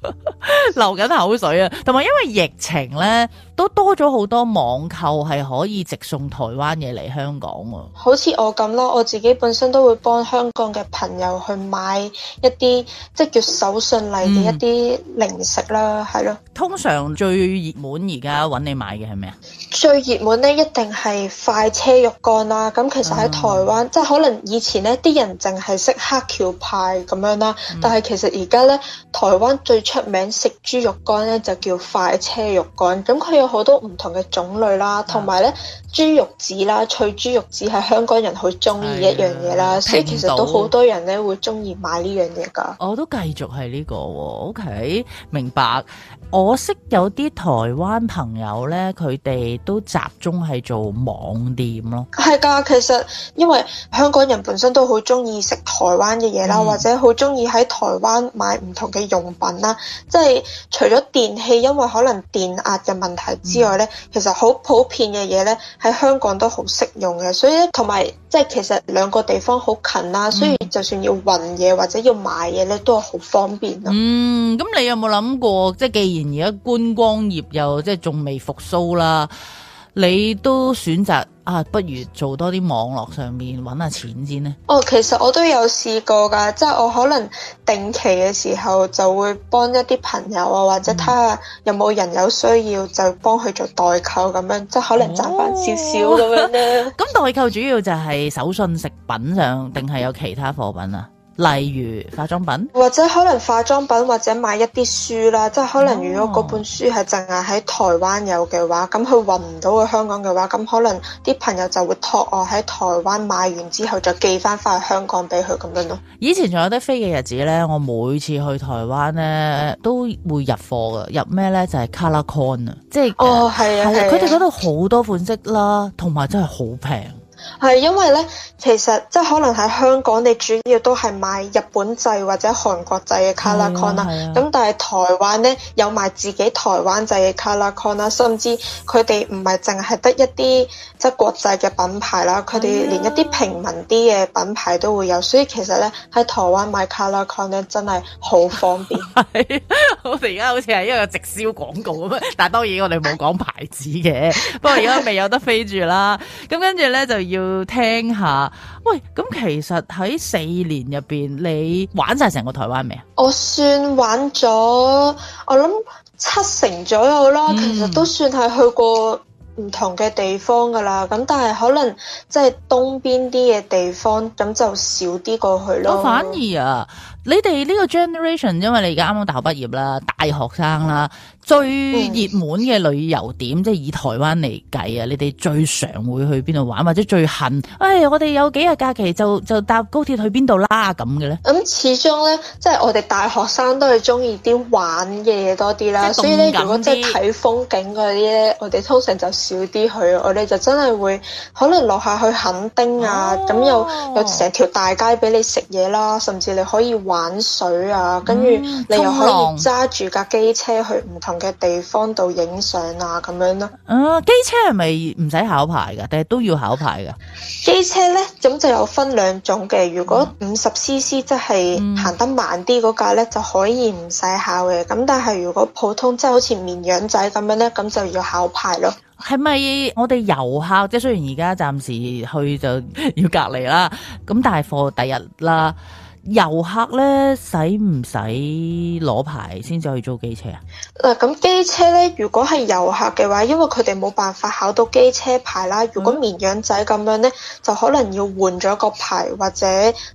流緊口水啊！同埋因為疫情咧。都多咗好多網購係可以直送台灣嘢嚟香港喎，好似我咁咯，我自己本身都會幫香港嘅朋友去買一啲即係叫手信嚟嘅一啲零食啦，係咯、嗯。啦通常最熱門而家揾你買嘅係咩啊？最熱門呢一定係快車肉乾啦。咁其實喺台灣、嗯、即係可能以前呢啲人淨係識黑橋派咁樣啦，嗯、但係其實而家呢，台灣最出名食豬肉乾呢，就叫快車肉乾，咁佢。好多唔同嘅種類啦，同埋咧。豬肉紙啦，脆豬肉紙係香港人好中意一樣嘢啦，啊、所以其實都好多人咧會中意買呢樣嘢噶。我都繼續係呢個喎、哦、OK 明白。我識有啲台灣朋友咧，佢哋都集中係做網店咯。係噶，其實因為香港人本身都好中意食台灣嘅嘢啦，嗯、或者好中意喺台灣買唔同嘅用品啦。即係除咗電器，因為可能電壓嘅問題之外咧，嗯、其實好普遍嘅嘢咧。喺香港都好適用嘅，所以咧同埋即係其實兩個地方好近啦，所以就算要運嘢或者要買嘢咧都係好方便咯。嗯，咁你有冇諗過，即係既然而家觀光業又即係仲未復甦啦，你都選擇。啊，不如做多啲網絡上面揾下錢先呢。哦，其實我都有試過噶，即係我可能定期嘅時候就會幫一啲朋友啊，或者睇下有冇人有需要就幫佢做代購咁樣，即係可能賺翻少少咁樣咧。咁、哦、 代購主要就係手信食品上，定係有其他貨品啊？例如化妝品，或者可能化妝品，或者買一啲書啦。即係可能，如果嗰本書係淨係喺台灣有嘅話，咁佢運唔到去香港嘅話，咁可能啲朋友就會託我喺台灣買完之後就寄翻翻去香港俾佢咁樣咯。以前仲有得飛嘅日子呢，我每次去台灣呢都會入貨嘅。入咩呢？就係 color con，即係哦係啊，佢哋度好多款式啦，同埋真係好平。係因為咧，其實即係可能喺香港，你主要都係買日本製或者韓國製嘅 colorcon 啦，啊。咁，啊，但係台灣咧，有賣自己台灣製嘅 colorcon 啦，甚至佢哋唔係淨係得一啲即係國際嘅品牌啦，佢哋連一啲平民啲嘅品牌都會有。啊，所以其實咧，喺台灣買 colorcon 咧真係好方便。我哋而家好似係一個直銷廣告咁，但係當然我哋冇講牌子嘅。 不過而家未有得飛住啦。咁跟住咧就。 要聽下，喂，咁其實喺四年入邊，你玩晒成個台灣未啊？我算玩咗，我諗七成左右啦，嗯、其實都算係去過唔同嘅地方噶啦。咁但係可能即係東邊啲嘅地方，咁就少啲過去咯。反而啊，你哋呢個 generation，因為你而家啱啱大學畢業啦，大學生啦。最熱門嘅旅遊點，即係、嗯、以台灣嚟計啊！你哋最常會去邊度玩，或者最恨？哎，我哋有幾日假期就就搭高鐵去邊度啦咁嘅咧。咁、嗯、始終咧，即係我哋大學生都係中意啲玩嘅嘢多啲啦。所以咧，如果真係睇風景嗰啲咧，我哋通常就少啲去。我哋就真係會可能落下，下去墾丁啊，咁、哦、又有成條大街俾你食嘢啦，甚至你可以玩水啊，跟住、嗯、你又可以揸住架機車去唔同嘅地方度影相啊，咁樣咯。啊，機車係咪唔使考牌噶？但係都要考牌噶？機車呢，咁就有分兩種嘅。如果五十 CC 即係行得慢啲嗰架呢，嗯、就可以唔使考嘅。咁但係如果普通，即係好似綿羊仔咁樣呢，咁就要考牌咯。係咪我哋遊客即係雖然而家暫時去就要隔離啦，咁但係貨第日啦。遊客咧使唔使攞牌先至去租機車啊？嗱，咁機車咧，如果係遊客嘅話，因為佢哋冇辦法考到機車牌啦。嗯、如果綿羊仔咁樣咧，就可能要換咗個牌，或者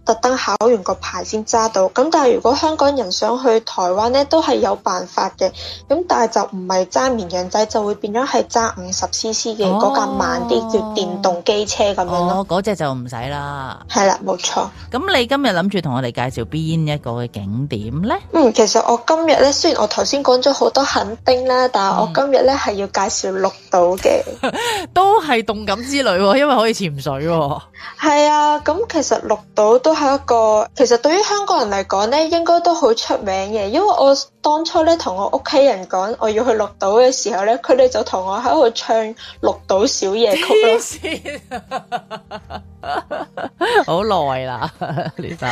特登考完個牌先揸到。咁但係如果香港人想去台灣咧，都係有辦法嘅。咁但係就唔係揸綿羊仔，就會變咗係揸五十 CC 嘅嗰架慢啲、哦、叫電動機車咁樣咯。嗰隻就唔使啦。係、哦嗰個、啦，冇錯。咁你今日諗住同？我哋介紹邊一個嘅景點呢？嗯，其實我今日咧，雖然我頭先講咗好多墾丁啦，但係我今日咧係要介紹綠島嘅， 都係動感之旅，哦，因為可以潛水，哦。係 啊，咁，嗯，其實綠島都係一個，其實對於香港人嚟講咧，應該都好出名嘅。因為我當初咧同我屋企人講我要去綠島嘅時候咧，佢哋就同我喺度唱綠島小夜曲老師，啊、 好耐久啦了 你首。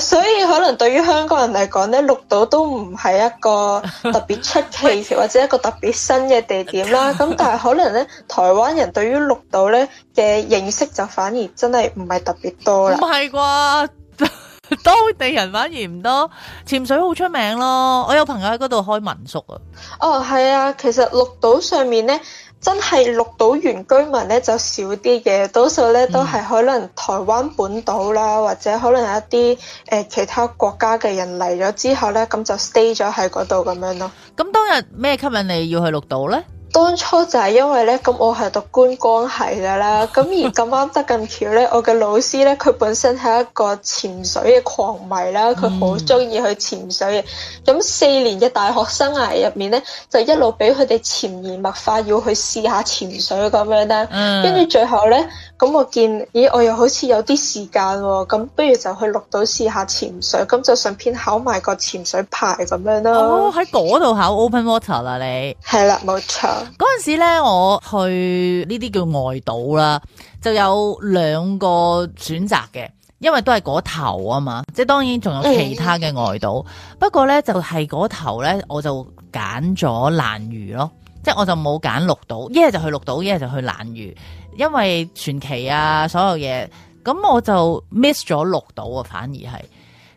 所以可能對於香港人嚟講咧，綠島都唔係一個特別出奇 或者一個特別新嘅地點啦。咁 但係可能咧，台灣人對於綠島咧嘅認識就反而真係唔係特別多啦。唔係啩？當地人反而唔多，潛水好出名咯。我有朋友喺嗰度開民宿啊。哦，係啊，其實綠島上面咧。真係綠島原居民咧就少啲嘅，多數咧都係可能台灣本島啦，或者可能有一啲誒、呃、其他國家嘅人嚟咗之後咧，咁就 stay 咗喺嗰度咁樣咯。咁、嗯、當日咩吸引你要去綠島咧？當初就係因為咧，咁我係讀觀光系嘅啦，咁而咁啱得咁巧咧，我嘅老師咧，佢本身係一個潛水嘅狂迷啦，佢好中意去潛水嘅。咁四年嘅大學生涯入面咧，就一路俾佢哋潛移默化要去試下潛水咁樣啦，嗯、跟住最後咧。咁我見，咦，我又好似有啲時間喎，哦，咁不如就去綠島試下潛水，咁就順便考埋個潛水牌咁樣啦。哦，喺嗰度考 open water 啦，你係啦，冇錯。嗰陣時呢，我去呢啲叫外島啦，就有兩個選擇嘅，因為都係嗰頭啊嘛，即係當然仲有其他嘅外島，嗯、不過呢就係、是、嗰頭呢，我就揀咗蘭嶼咯，即係我就冇揀綠島，一係就去綠島，一係就去蘭嶼。因為傳奇啊，所有嘢咁我就 miss 咗綠島啊，反而係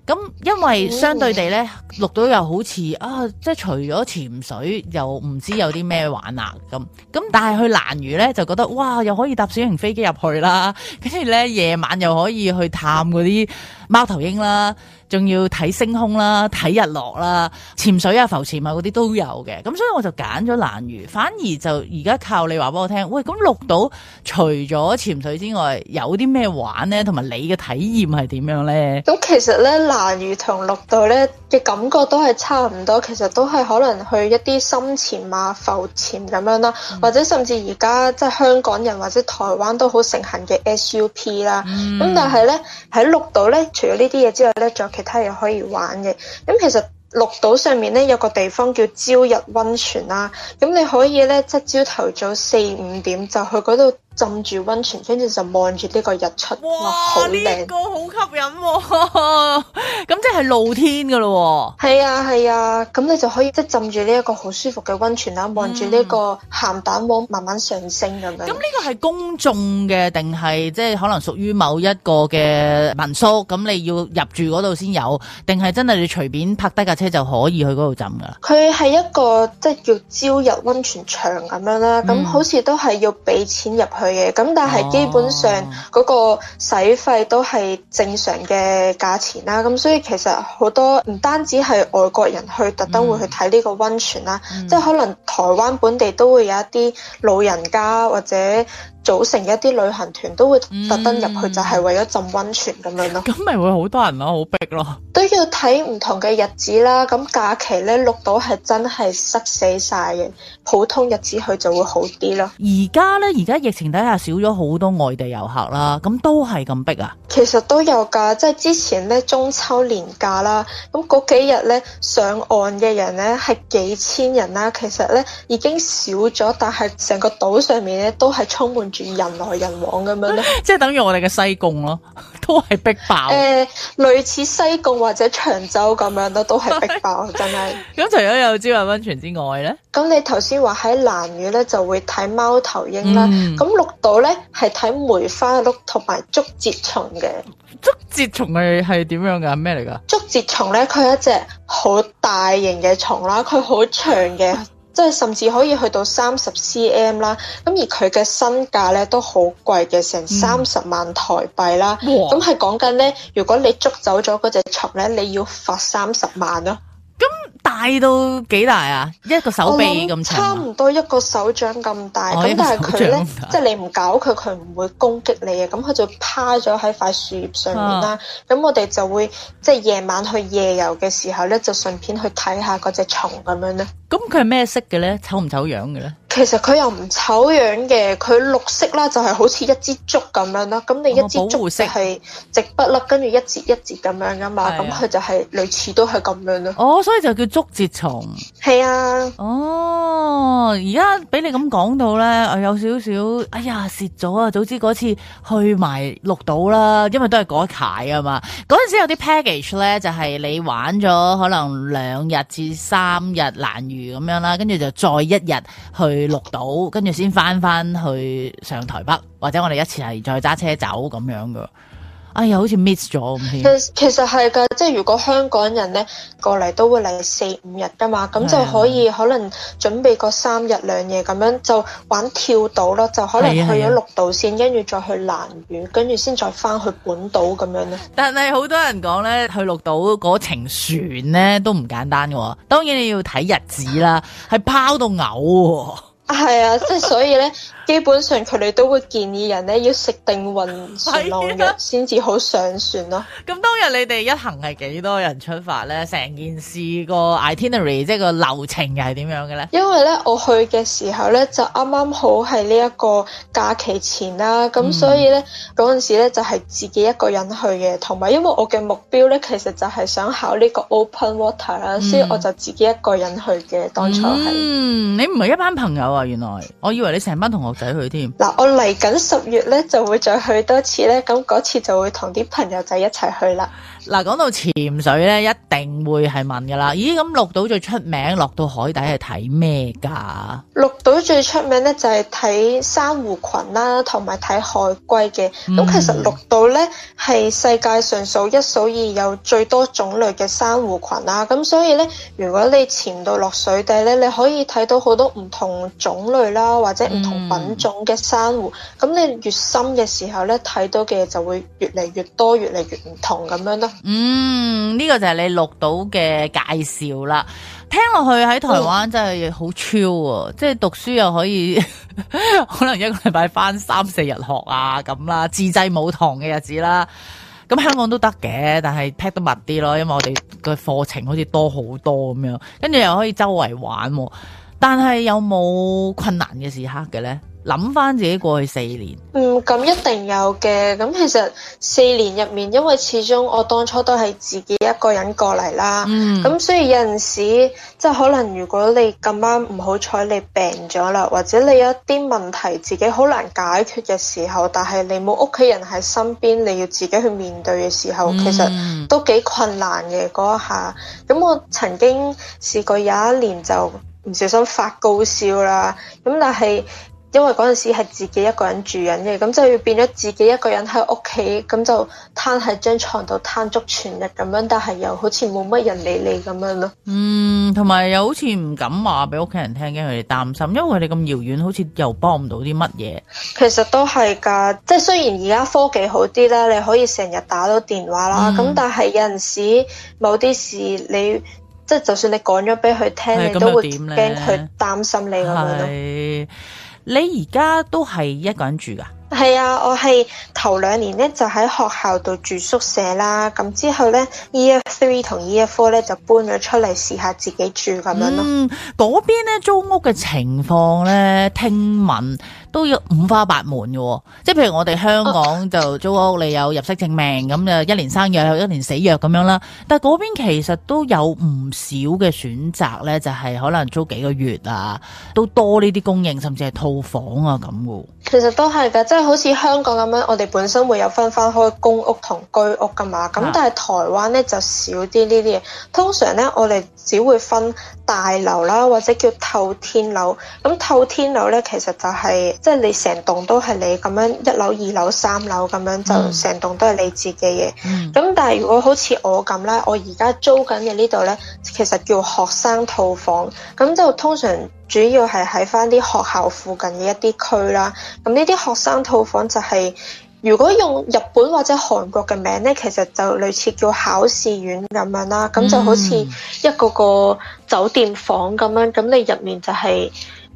咁，因為相對地咧，綠島又好似啊，即係除咗潛水，又唔知有啲咩玩啊咁。咁但係去蘭嶼咧，就覺得哇，又可以搭小型飛機入去啦，跟住咧夜晚又可以去探嗰啲貓頭鷹啦，仲要睇星空啦，睇日落啦，潛水啊、浮潛啊嗰啲都有嘅。咁所以我就揀咗蘭嶼，反而就而家靠你話俾我聽。喂，咁綠島除咗潛水之外，有啲咩玩呢？同埋你嘅體驗係點樣呢？咁其實呢，蘭嶼同綠島呢。嘅感覺都係差唔多，其實都係可能去一啲深潛啊、浮潛咁樣啦，嗯、或者甚至而家即係香港人或者台灣都好盛行嘅 SUP 啦。咁、嗯、但係呢，喺綠島呢，除咗呢啲嘢之外呢，仲有其他嘢可以玩嘅。咁、嗯、其實綠島上面呢，有個地方叫朝日温泉啦。咁、嗯、你可以呢，即係朝頭早四五點就去嗰度。浸住温泉，跟住就望住呢個日出，哇，好靚，個好吸引，啊，咁即係露天噶咯，係啊係啊，咁、啊、你就可以即係浸住呢一個好舒服嘅温泉啦，望住呢個鹹蛋黃慢慢上升咁樣。咁呢、嗯、個係公眾嘅，定係即係可能屬於某一個嘅民宿？咁你要入住嗰度先有，定係真係你隨便泊低架車就可以去嗰度浸噶？佢係一個即係叫朝日温泉場咁樣啦，咁、嗯、好似都係要俾錢入去。嘢咁，但係基本上嗰、哦、個使費都係正常嘅價錢啦。咁所以其實好多唔單止係外國人去特登會去睇呢個溫泉啦，嗯、即係可能台灣本地都會有一啲老人家或者，組成一啲旅行團都會特登入去，嗯、就係為咗浸溫泉咁樣咯。咁咪會好多人咯，啊，好逼咯，啊。都要睇唔同嘅日子啦。咁假期咧，綠島係真係塞死晒嘅。普通日子去就會好啲咯。而家咧，而家疫情底下少咗好多外地遊客啦。咁都係咁逼啊？其實都有噶，即係之前咧，中秋年假啦，咁嗰幾日咧上岸嘅人咧係幾千人啦。其實咧已經少咗，但係成個島上面咧都係充滿住人來人往咁樣咧， 即係等於我哋嘅西貢咯，都係逼爆。誒 呃，類似西貢或者長洲咁樣咧，都係逼爆，真係。咁 除咗有朝日温泉之外咧，咁你頭先話喺蘭嶼咧就會睇貓頭鷹啦，咁綠島咧係睇梅花鹿同埋竹節蟲嘅。竹節蟲係係點樣噶？咩嚟噶？竹節蟲咧，佢係一隻好大型嘅蟲啦，佢好長嘅。 即係甚至可以去到三十 CM 啦，咁而佢嘅身價咧都好貴嘅，成三十萬台幣啦。咁係講緊咧，如果你捉走咗嗰隻蟲咧，你要罰三十萬咯。大到幾大啊？一個手臂咁長，啊、差唔多一個手掌咁大。咁，哦、但係佢咧，即係你唔搞佢，佢唔會攻擊你啊。咁佢就趴咗喺塊樹葉上面啦。咁我哋就會即係夜晚去夜遊嘅時候咧，就順便去睇下嗰隻蟲咁樣咧。咁佢係咩色嘅咧？醜唔醜樣嘅咧？其實佢又唔醜樣嘅，佢綠色啦，就係好似一支竹咁樣啦。咁你一支竹色係直筆粒，跟住、哦、一節一節咁樣噶嘛。咁佢、啊、就係類似都係咁樣咯。哦，所以就叫竹節蟲。係啊。哦，而家俾你咁講到咧，我有少少，哎呀，蝕咗啊！早知嗰次去埋綠島啦，因為都係嗰一排啊嘛。嗰陣時有啲 package 咧，就係、是、你玩咗可能兩日至三日難遇咁樣啦，跟住就再一日去。去綠島，跟住先翻翻去上台北，或者我哋一次係再揸車走咁樣噶。哎呀，好似 miss 咗咁。其實其實係噶，即係如果香港人呢過嚟都會嚟四五日噶嘛，咁就可以可能準備個三日兩夜咁樣就玩跳島啦，就可能去咗綠島先，跟住再去蘭嶼，跟住先再翻去本島咁樣咧。但係好多人講呢，去綠島嗰程船呢都唔簡單噶，當然你要睇日子啦，係拋到嘔嘔。係啊，即係所以咧。基本上佢哋都會建議人咧要食定暈船浪嘅先至好上船咯，啊。咁 當日你哋一行係幾多人出發咧？成件事個 itinerary 即係個流程又係點樣嘅咧？因為咧我去嘅時候咧就啱啱好係呢一個假期前啦，啊，咁所以咧嗰陣、嗯、時咧就係、是、自己一個人去嘅，同埋因為我嘅目標咧其實就係想考呢個 open water 啦，所以我就自己一個人去嘅。當初係嗯，你唔係一班朋友啊，原來我以為你成班同學。仔去添。嗱，我嚟緊十月咧，就會再去多次咧，咁、嗯、嗰次就會同啲朋友仔一齊去啦。嗱，講到潛水咧，一定會係問噶啦。咦，咁綠島最出名落到海底係睇咩噶？綠島最出名咧就係睇珊瑚群啦、啊，同埋睇海龜嘅。咁其實綠島咧係世界上數一數二有最多種類嘅珊瑚群啦、啊。咁所以咧，如果你潛到落水底咧，你可以睇到好多唔同種類啦，或者唔同品種嘅珊瑚。咁你越深嘅時候咧，睇到嘅就會越嚟越多，越嚟越唔同咁樣咯。嗯，呢、這個就係你錄到嘅介紹啦。聽落去喺台灣真係好 chill 啊，即係、哦、讀書又可以 可能一個禮拜返三四日學啊咁啦，自製冇堂嘅日子啦。咁、嗯、香港都得嘅，但係 pack 得密啲咯，因為我哋嘅課程好似多好多咁樣，跟住又可以周圍玩、哦。但係有冇困難嘅時刻嘅咧？諗翻自己過去四年，嗯，咁一定有嘅。咁其實四年入面，因為始終我當初都係自己一個人過嚟啦。咁、嗯、所以有陣時，即係可能如果你咁啱唔好彩，你病咗啦，或者你有一啲問題自己好難解決嘅時候，但係你冇屋企人喺身邊，你要自己去面對嘅時候，嗯、其實都幾困難嘅。嗰一下咁，我曾經試過有一年就唔小心發高燒啦。咁但係。因為嗰陣時係自己一個人住緊嘅，咁就要變咗自己一個人喺屋企，咁就攤喺張床度攤足全日咁樣，但係又好似冇乜人理你咁樣咯。嗯，同埋又好似唔敢話俾屋企人聽，驚佢哋擔心，因為佢哋咁遙遠，好似又幫唔到啲乜嘢。其實都係噶，即係雖然而家科技好啲啦，你可以成日打到電話啦，咁、嗯、但係有陣時某啲事你，即係就算你講咗俾佢聽，的你都會驚佢擔心你咁樣咯。的你而家都係一個人住噶？係啊，我係頭兩年咧就喺學校度住宿舍啦，咁之後呢 E F three 同 E F four 咧就搬咗出嚟試下自己住咁樣咯。嗯，嗰邊咧租屋嘅情況咧，聽聞都要五花八門嘅，哦，即係譬如我哋香港就租屋你有入息證明，咁啊，哦，一年生約，一年死約咁樣啦。但係嗰邊其實都有唔少嘅選擇咧，就係、是、可能租幾個月啊，都多呢啲供應，甚至係套房啊咁嘅。其實都係嘅，即好似香港咁樣，我哋本身會有分翻開公屋同居屋噶嘛。咁但係台灣咧就少啲呢啲嘢。通常咧，我哋只會分大樓啦，或者叫透天樓。咁透天樓咧，其實就係即係你成棟都係你咁樣，一樓、二樓、三樓咁樣，就成棟都係你自己嘅。咁、嗯、但係如果好似我咁咧，我而家租緊嘅呢度咧，其實叫學生套房。咁就通常。主要係喺翻啲學校附近嘅一啲區啦，咁呢啲學生套房就係如果用日本或者韓國嘅名呢，其實就類似叫考試院咁樣啦，咁就好似一個個酒店房咁樣，咁你入面就係。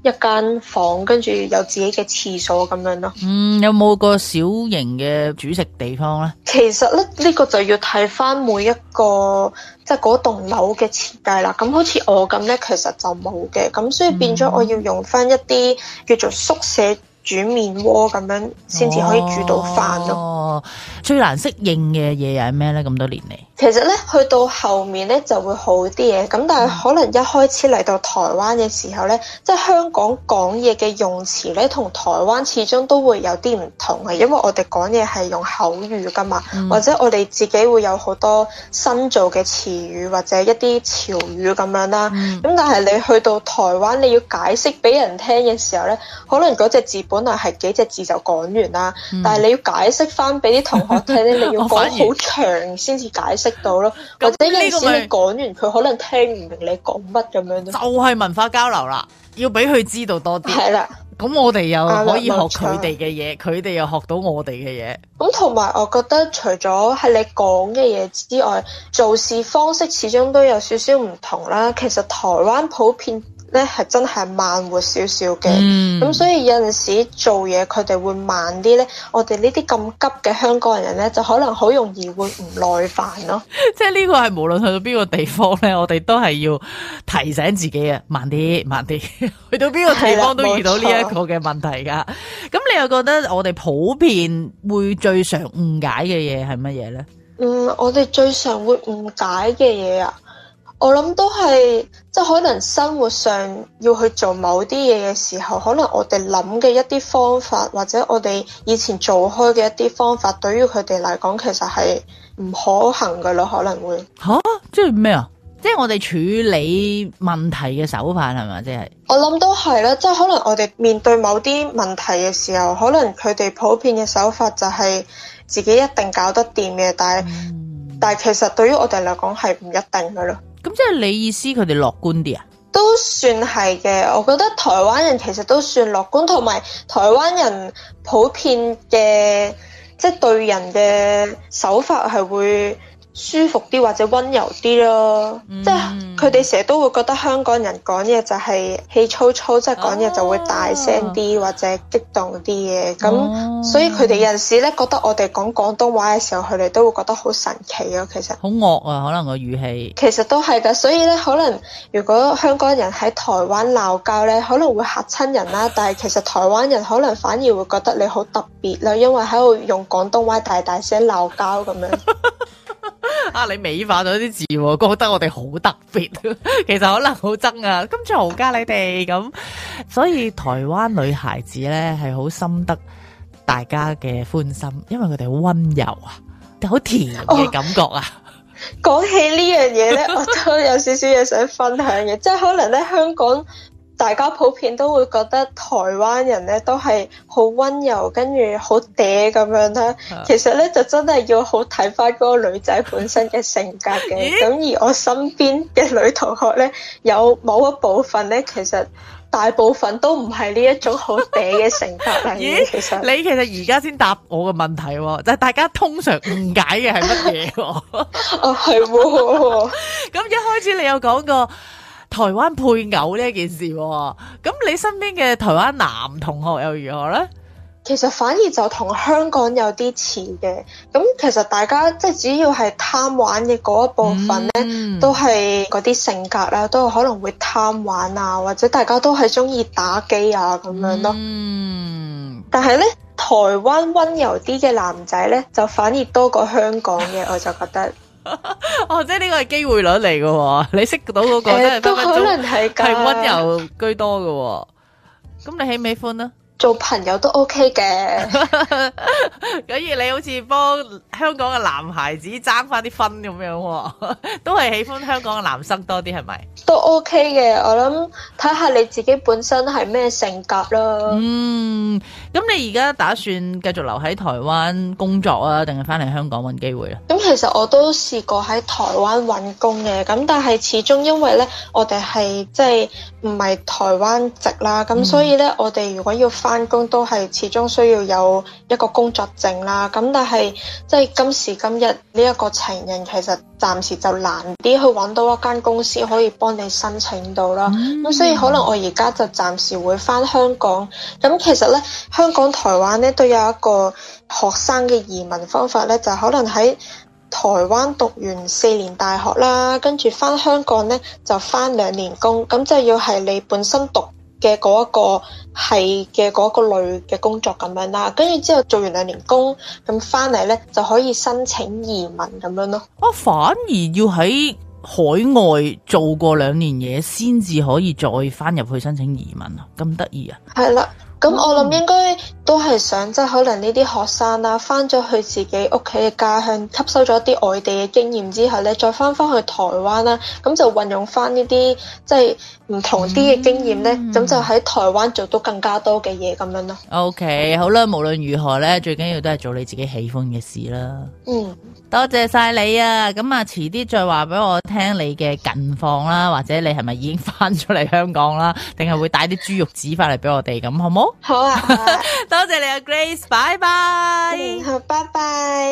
一間房，跟住有自己嘅廁所咁樣咯。嗯，有冇個小型嘅煮食地方呢？其實咧，呢個就要睇翻每一個即係嗰棟樓嘅設計啦。咁好似我咁呢，其實就冇嘅。咁所以變咗我要用翻一啲、嗯、叫做宿舍。煮麵鍋咁樣先至可以煮到飯咯，哦。最難適應嘅嘢又係咩呢？咁多年嚟，其實呢，去到後面呢就會好啲嘅。咁但係可能一開始嚟到台灣嘅時候，嗯、呢，即係香港講嘢嘅用詞呢，同台灣始終都會有啲唔同嘅，因為我哋講嘢係用口語噶嘛，嗯、或者我哋自己會有好多新造嘅詞語或者一啲潮語咁樣啦。咁、嗯、但係你去到台灣，你要解釋俾人聽嘅時候呢，可能嗰隻字。本來係幾隻字就講完啦，嗯、但係你要解釋翻俾啲同學聽咧， 而你要講好長先至解釋到咯， 那或者有時你講完佢，就是、可能聽唔明你講乜咁樣，就係文化交流啦，要俾佢知道多啲。係啦的，咁我哋又可以、嗯、學佢哋嘅嘢，佢哋錯又學到我哋嘅嘢。咁同埋我覺得，除咗係你講嘅嘢之外，做事方式始終都有少少唔同啦。其實台灣普遍，咧係真係慢活少少嘅，咁、嗯、所以有陣時做嘢佢哋會慢啲咧，我哋呢啲咁急嘅香港人咧，就可能好容易會唔耐煩咯。即係呢個係無論去到邊個地方咧，我哋都係要提醒自己啊，慢啲，慢啲。 去到邊個地方都遇到呢一個嘅問題噶。咁你又覺得我哋普遍會最常誤解嘅嘢係乜嘢咧？嗯，我哋最常會誤解嘅嘢啊。我諗都係，即係可能生活上要去做某啲嘢嘅時候，可能我哋諗嘅一啲方法，或者我哋以前做開嘅一啲方法，對於佢哋嚟講，其實係唔可行噶咯。可能會。吓？即係咩啊？即係我哋處理問題嘅手法係咪？即係我諗都係啦，即係可能我哋面對某啲問題嘅時候，可能佢哋普遍嘅手法就係自己一定搞得掂嘅，但係、嗯、但係其實對於我哋嚟講係唔一定噶咯。咁即係你意思佢哋樂觀啲啊？都算係嘅，我覺得台灣人其實都算樂觀，同埋台灣人普遍嘅，即係對人嘅手法係會。舒服啲或者溫柔啲咯，嗯、即係佢哋成日都會覺得香港人講嘢就係氣粗粗，即係講嘢就會大聲啲或者激動啲嘅，咁、嗯哦、所以佢哋有陣時咧覺得我哋講廣東話嘅時候，佢哋都會覺得好神奇咯。其實好惡啊，可能個語氣其實都係噶，所以咧可能如果香港人喺台灣鬧交咧，可能會嚇親人啦，但係其實台灣人可能反而會覺得你好特別啦， 因為喺度用廣東話大大聲鬧交咁樣。 啊！你美化咗啲字，覺得我哋好特別，其實可能好憎啊！咁嘈加你哋咁，所以台灣女孩子呢，係好深得大家嘅歡心，因為佢哋好温柔啊，好甜嘅感覺啊。哦、講起呢樣嘢呢，我都有少少嘢想分享嘅，即係 可能呢香港。大家普遍都會覺得台灣人咧都係好溫柔，跟住好嗲咁樣啦。其實咧就真係要好睇翻嗰個女仔本身嘅性格嘅。咁咦而我身邊嘅女同學咧，有某一部分咧，其實大部分都唔係呢一種好嗲嘅性格嘅。咦？其實你其實而家先答我嘅問題，就係、是、大家通常誤解嘅係乜嘢？ 啊，係喎、哦。咁 一開始你有講過。台灣配偶呢件事、哦，咁你身邊嘅台灣男同學又如何呢？其實反而就同香港有啲似嘅，咁其實大家即係只要係貪玩嘅嗰一部分呢，嗯、都係嗰啲性格喇，都可能會貪玩啊，或者大家都係中意打機啊咁樣咯。嗯，但係呢，台灣溫柔啲嘅男仔呢，就反而多過香港嘅，我就覺得。 哦，即係呢個係機會率嚟嘅，你識到嗰個真係分分鐘係溫柔居多嘅，咁你喜唔喜歡啊？做朋友都 OK 嘅，假如你好似幫香港嘅男孩子爭翻啲分咁樣，都係喜歡香港嘅男生多啲係咪？都 OK 嘅，我諗睇下你自己本身係咩性格啦。嗯，咁你而家打算繼續留喺台灣工作啊，定係翻嚟香港揾機會啊？咁、嗯、其實我都試過喺台灣揾工嘅，咁但係始終因為咧，我哋係即係唔係台灣籍啦，咁所以咧，嗯、我哋如果要翻翻工都係始終需要有一個工作證啦，咁但係即係今時今日呢一個情形，其實暫時就難啲去揾到一間公司可以幫你申請到啦。咁、嗯、所以可能我而家就暫時會翻香港。咁其實呢，香港、台灣呢都有一個學生嘅移民方法呢，就可能喺台灣讀完四年大學啦，跟住翻香港呢就翻兩年工，咁即係要係你本身讀。嘅嗰一個係嘅嗰個類嘅工作咁樣啦，跟住之後做完兩年工，咁翻嚟呢，就可以申請移民咁樣咯。我、啊、反而要喺海外做過兩年嘢，先至可以再翻入去申請移民啊，咁得意啊！係啦。咁我諗應該都係想，即係可能呢啲學生啦、啊，翻咗去自己屋企嘅家鄉，吸收咗一啲外地嘅經驗之後咧，再翻翻去台灣啦，咁就運用翻、就是、呢啲即係唔同啲嘅經驗咧，咁、嗯、就喺台灣做到更加多嘅嘢咁樣咯。O、okay，K，好啦，無論如何咧，最緊要都係做你自己喜歡嘅事啦。嗯，多謝晒你啊！咁啊，遲啲再話俾我聽你嘅近況啦，或者你係咪已經翻咗嚟香港啦，定係會帶啲豬肉紙翻嚟俾我哋咁，好唔好？ 好啊，好啊 多謝你啊，Grace，拜拜、嗯。好，拜拜。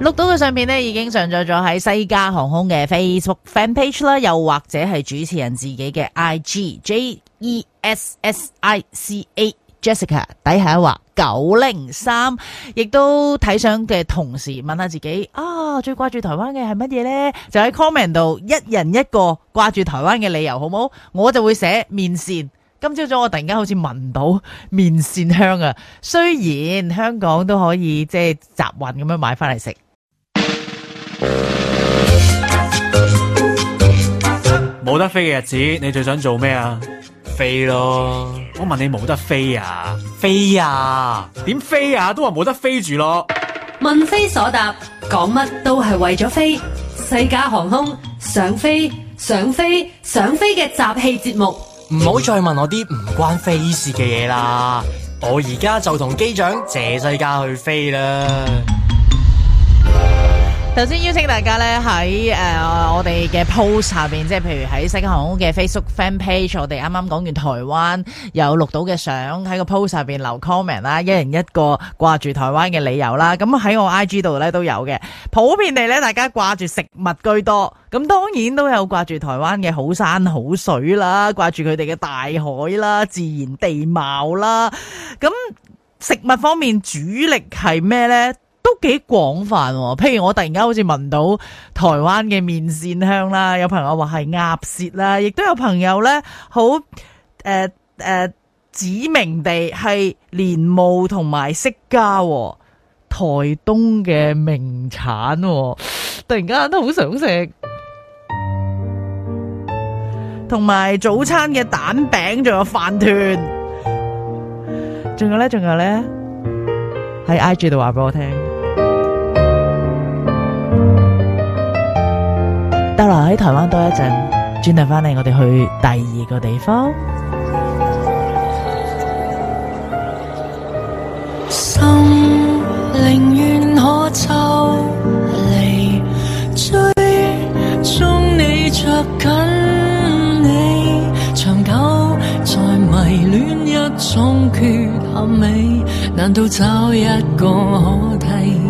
錄到嘅相片咧，已經上載咗喺西加航空嘅 Facebook fan page 啦，又或者係主持人自己嘅 IG J E S S, S I C A Jessica, 底下一劃九零三，亦都睇相嘅同時問下自己啊，最掛住台灣嘅係乜嘢呢？就」就喺 comment 度一人一個掛住台灣嘅理由，好唔好？我就會寫麵線。今朝早我突然間好似聞到麵線香啊！雖然香港都可以即係集運咁樣買翻嚟食。冇得飛嘅日子，你最想做咩啊？飛咯！我問你冇得飛啊？飛啊？點飛啊？都話冇得飛住咯。問非所答，講乜都係為咗飛。西加航空想，想飛想飛想飛嘅集氣節目。唔好再問我啲唔關飛事嘅嘢啦，我而家就同機長借隻架去飛啦。首先邀請大家咧，喺誒我哋嘅 post 下邊，即係譬如喺西加航空嘅 Facebook fan page，我哋啱啱講完台灣有錄到嘅相喺個 post 下邊留 comment 啦，一人一個掛住台灣嘅理由啦。咁喺我 IG 度咧，都有嘅，普遍地咧，大家掛住食物居多，咁當然都有掛住台灣嘅好山好水啦，掛住佢哋嘅大海啦、自然地貌啦。咁食物方面主力係咩呢？都幾廣泛。哦，譬如我突然間好似聞到台灣嘅麵線香啦，有朋友話係鴨舌啦，亦都有朋友咧好誒誒、呃呃、指名地係蓮霧同埋釋迦，台東嘅名產。哦，突然間都好想食，同埋早餐嘅蛋餅，仲有飯糰，仲有咧仲有咧喺 IG 度話俾我聽。逗留喺台灣多一陣，轉頭翻嚟，我哋去第二個地方。心寧願可抽離，追蹤你，捉緊你，長久在迷戀一種缺陷美，難道找一個可替？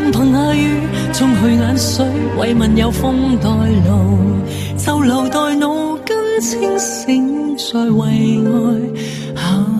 任憑下雨沖去眼水，慰問有風代勞，就留待腦筋清醒再為愛。啊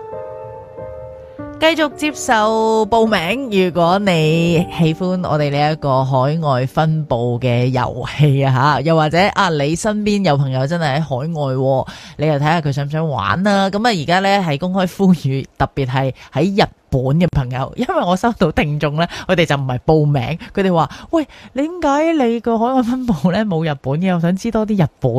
繼續接受報名，如果你喜歡我哋呢一個海外分部嘅遊戲啊，吓又或者啊，你身邊有朋友真係喺海外，你又睇下佢想唔想玩啊。咁啊，而家呢，係公開呼籲，特別係喺日。本嘅朋友，因為我收到聽眾呢，佢哋就唔係報名，佢哋話：喂，你點解你個海外分部呢冇日本嘅？我想知多啲日本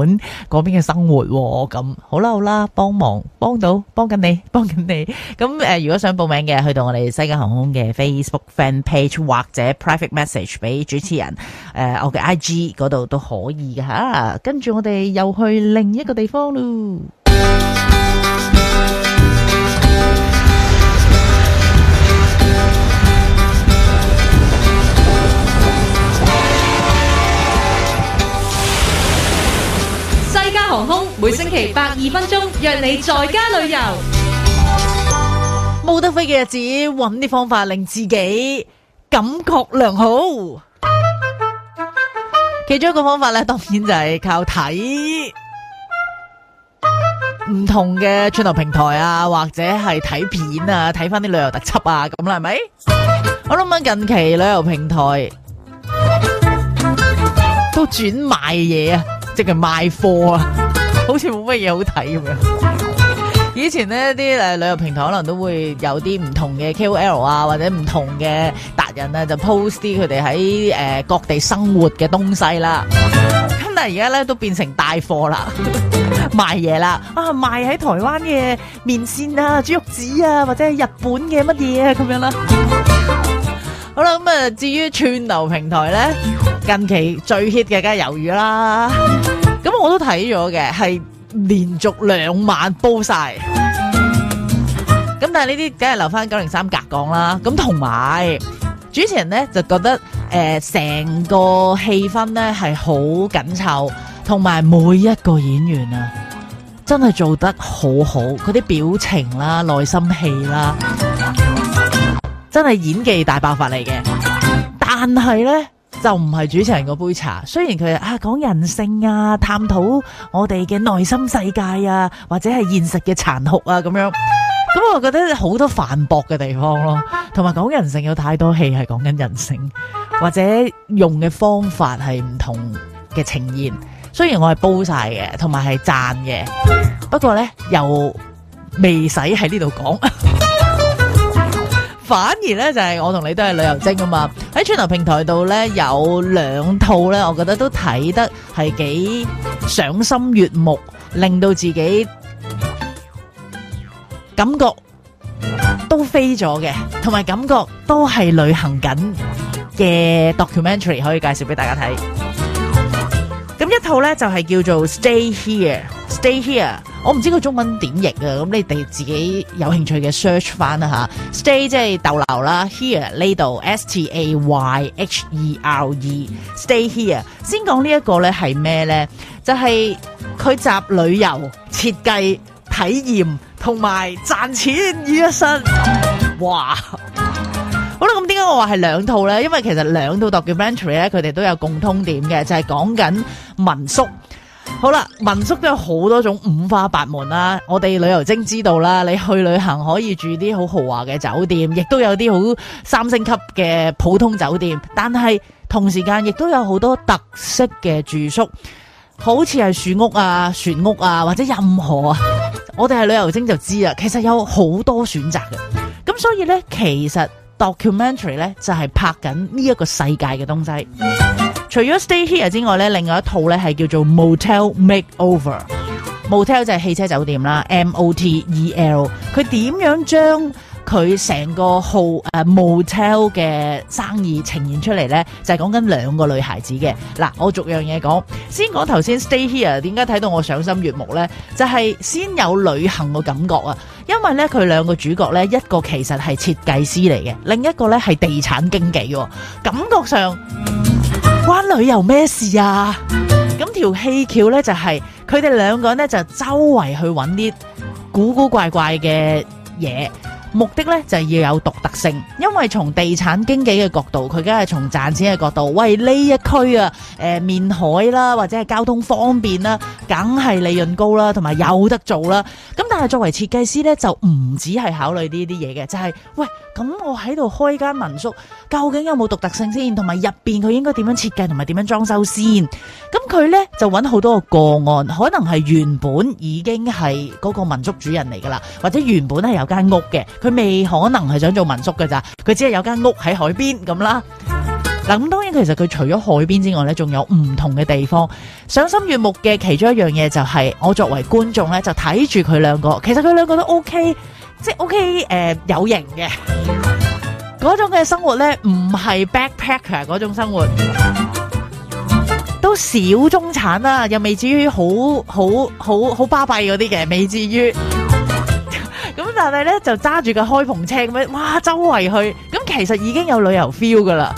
嗰邊嘅生活。咁好啦，好啦，幫忙幫到，幫緊你，幫緊你。咁誒、呃，如果想報名嘅，去到我哋西加航空嘅 Facebook fan page 或者 private message 俾主持人。誒、呃，我嘅 IG 嗰度都可以㗎吓。跟住我哋又去另一個地方咯。航空每星期百二分鐘，約你在家旅遊。冇得飛嘅日子，搵啲方法令自己感覺良好。其中一個方法咧，當然就係靠睇唔同嘅串流平台啊，或者係睇片啊，睇翻啲旅遊特輯啊，咁啦，係咪？我諗緊近期旅遊平台都轉賣嘢啊，即係賣貨啊。好似冇乜嘢好睇咁樣。以前呢啲誒、呃、旅遊平台可能都會有啲唔同嘅 K O L 啊，或者唔同嘅達人咧、啊、就 post 啲佢哋喺誒各地生活嘅東西啦。咁 但係而家咧都變成大貨啦，賣嘢啦。啊賣喺台灣嘅麵線啊、豬肉紙啊，或者係日本嘅乜嘢啊咁樣啦。 好啦，咁、嗯、啊至於串流平台咧，近期最 hit 嘅梗係魷魚啦。 咁我都睇咗嘅，係連續兩晚煲晒。咁但係呢啲梗係留翻九零三格講啦。咁同埋主持人呢，就覺得，誒、呃，成個氣氛呢係好緊湊，同埋每一個演員啊，真係做得好好，佢啲表情啦、啊、內心戲啦、啊，真係演技大爆發嚟嘅。但係呢。就唔係主持人嗰杯茶，雖然佢啊講人性啊，探討我哋嘅內心世界啊，或者係現實嘅殘酷啊咁樣，咁我覺得好多反駁嘅地方咯，同埋講人性有太多戲係講緊人性，或者用嘅方法係唔同嘅呈現。雖然我係煲曬嘅，同埋係讚嘅，不過呢，又未使喺呢度講。 反而咧，就係我同你都係旅遊精啊嘛！喺串流平台度咧，有兩套咧，我覺得都睇得係幾賞心悅目，令到自己感覺都飛咗嘅，同埋感覺都係旅行緊嘅 documentary，可以介紹俾大家睇。咁一套咧，就係叫做 Stay Here。Stay here，我唔知佢中文點譯啊，咁你哋自己有興趣嘅 search 翻啦吓。Stay 即係逗留啦，here 呢度。S T A Y H E R E。R e. Stay here，先講呢一個咧係咩咧？就係佢集旅遊設計體驗同埋賺錢於一身。哇！好啦，咁點解我話係兩套咧？因為其實兩套 documentary 咧，佢哋都有共通點嘅，就係講緊民宿。好啦，民宿都有好多種五花八門啦。我哋旅遊精知道啦，你去旅行可以住啲好豪華嘅酒店，亦都有啲好三星級嘅普通酒店。但係同時間亦都有好多特色嘅住宿，好似係樹屋啊、船屋啊，或者任何啊。我哋係旅遊精就知啦。其實有好多選擇嘅。咁所以呢，其實 documentary 呢就係拍緊呢一個世界嘅東西。除咗 Stay Here 之外咧，另外一套咧係叫做 Motel Makeover。Motel 就係汽車酒店啦，M O T E L。佢點樣將佢成個號誒、啊、Motel 嘅生意呈現出嚟呢？就係講緊兩個女孩子嘅。嗱，我逐樣嘢講，先講頭先 Stay Here 點解睇到我賞心悅目呢？就係、係、先有旅行嘅感覺啊！因為呢，佢兩個主角呢，一個其實係設計師嚟嘅，另一個呢係地產經紀，感覺上。關旅遊咩事啊？咁條戲橋咧就係佢哋兩個咧就周圍去揾啲古古怪怪嘅嘢。目的呢，就係、是、要有獨特性，因為從地產經紀嘅角度，佢梗係從賺錢嘅角度。喂，呢一區啊，誒、呃，面海啦，或者係交通方便啦，梗係利潤高啦，同埋有得做啦。咁但係作為設計師呢，就唔止係考慮呢啲嘢嘅，就係、是、喂，咁我喺度開間民宿，究竟有冇獨特性先？同埋入邊佢應該點樣設計同埋點樣裝修先？咁佢呢，就揾好多個案，可能係原本已經係嗰個民宿主人嚟噶啦，或者原本係有間屋嘅。佢未可能係想做民宿㗎咋，佢只係有間屋喺海邊咁啦。嗱，咁當然其實佢除咗海邊之外咧，仲有唔同嘅地方，賞心悅目嘅其中一樣嘢就係、是、我作為觀眾咧，就睇住佢兩個。其實佢兩個都 OK，即係 OK，誒、呃、有型嘅嗰種嘅生活咧，唔係 backpacker 嗰種生活，都小中產啦、啊，又未至於好好好好巴閉嗰啲嘅，未至於。但係咧就揸住個開篷車咁樣，哇周圍去，咁其實已經有旅遊 feel 噶啦，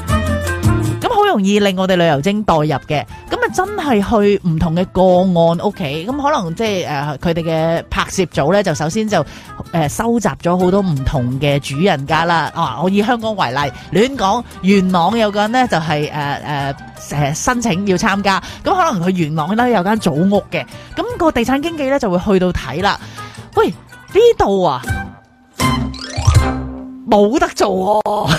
咁好 容易令我哋旅遊精代入嘅，咁啊真係去唔同嘅個案屋企，咁、okay? 可能即係誒佢哋嘅拍攝組咧就首先就誒、呃、收集咗好多唔同嘅主人家啦，啊我以香港為例，亂講元朗有個人咧就係誒誒誒申請要參加，咁可能去元朗咧有間祖屋嘅，咁、那個地產經紀咧就會去到睇啦，喂。呢度啊，冇得做、啊 呢，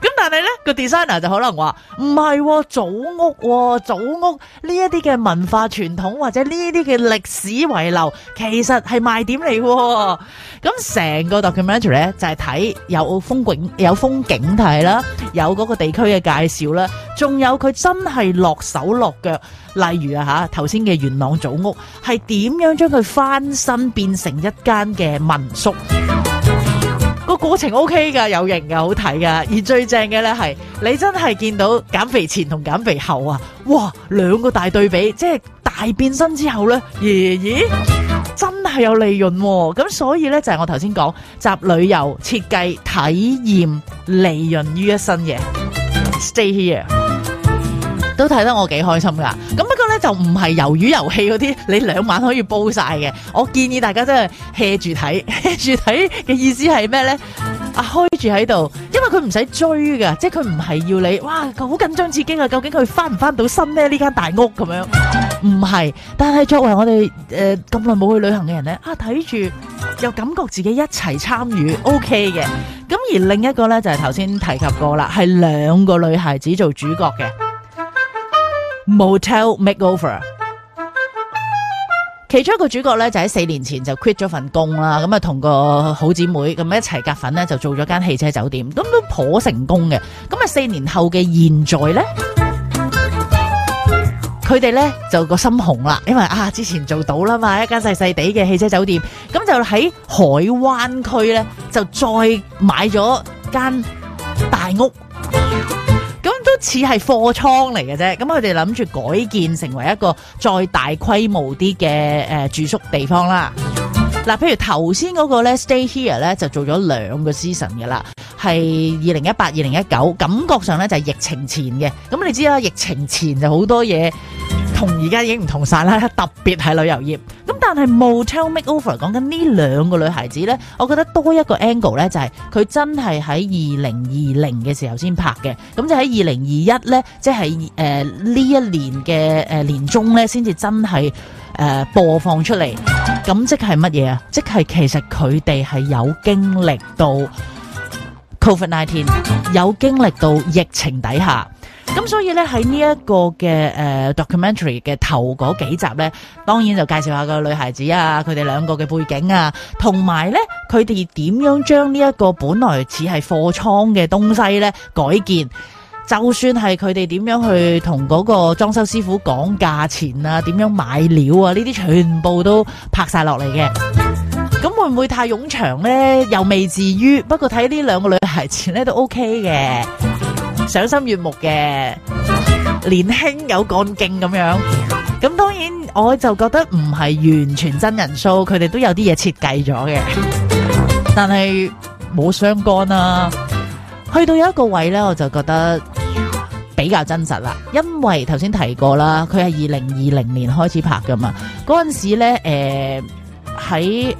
咁但係咧個 designer 就可能話唔係祖屋，祖屋呢一啲嘅文化傳統或者呢啲嘅歷史遺留，其實係賣點嚟、啊。咁成個 documentary 咧就係睇有風景，有風景睇啦，有嗰個地區嘅介紹啦，仲有佢真係落手落腳。例如啊吓，頭先嘅元朗祖屋係點樣將佢翻身變成一間嘅民宿？ 個過程 O K 噶，有型噶，好睇噶。而最正嘅咧係，你真係見到減肥前同減肥後啊，哇，兩個大對比，即係大變身之後咧，耶耶，真係有利潤喎、哦！咁所以咧就係、是、我頭先講集旅遊設計體驗利潤於一身嘅，stay here。都睇得我幾開心噶，咁不過呢，就唔係游魚游氣嗰啲，你兩晚可以煲晒嘅。我建議大家真係 h 住睇 h 住睇嘅意思係咩呢？啊，開住喺度，因為佢唔使追噶，即係佢唔係要你哇好緊張刺激啊！究竟佢翻唔翻到身咧？呢間大屋咁樣，唔係。但係作為我哋誒咁耐冇去旅行嘅人呢，啊睇住又感覺自己一齊參與，OK 嘅。咁而另一個呢，就係頭先提及過啦，係兩個女孩子做主角嘅。Motel Makeover，其中一個主角咧，就喺四年前就 quit 咗份工啦，咁啊同個好姊妹咁一齊夾份咧，就做咗間汽車酒店，咁都頗成功嘅。咁啊四年後嘅現在咧，佢哋咧就個心紅啦，因為啊之前做到啦嘛，一間細細地嘅汽車酒店，咁就喺海灣區咧就再買咗間大屋。都似係貨倉嚟嘅啫，咁佢哋諗住改建成為一個再大規模啲嘅誒住宿地方啦。嗱，譬如頭先嗰個呢 Stay Here 呢，就做咗兩個 season 嘅啦，係二零一八、二零一九，感覺上呢，就係、是、疫情前嘅。咁你知啦，疫情前就好多嘢。同而家已經唔同晒啦，特別係旅遊業。咁但係 Motel Makeover 講緊呢兩個女孩子咧，我覺得多一個 angle 咧，就是，就係佢真係喺二零二零嘅時候先拍嘅。咁就喺二零二一咧，即係誒呢一年嘅誒，呃，年中咧，先至真係誒，呃，播放出嚟。咁即係乜嘢啊？即、就、係、是、其實佢哋係有經歷到 COVID-19，有經歷到疫情底下。咁所以咧喺呢一個嘅誒、uh, documentary 嘅頭嗰幾集呢，當然就介紹下個女孩子啊，佢哋兩個嘅背景啊，同埋呢，佢哋點樣將呢一個本來似係貨倉嘅東西呢改建，就算係佢哋點樣去同嗰個裝修師傅講價錢啊，點樣買料啊，呢啲全部都拍晒落嚟嘅。咁會唔會太冗長呢？又未至於，不過睇呢兩個女孩子呢，都 OK 嘅。賞心悦目嘅，年輕有幹勁咁樣，咁當然我就覺得唔係完全真人 show，佢哋都有啲嘢設計咗嘅，但係冇相干啦、啊。去到有一個位呢，我就覺得比較真實啦，因為頭先提過啦，佢係二零二零年開始拍噶嘛，嗰陣時咧，誒、呃、喺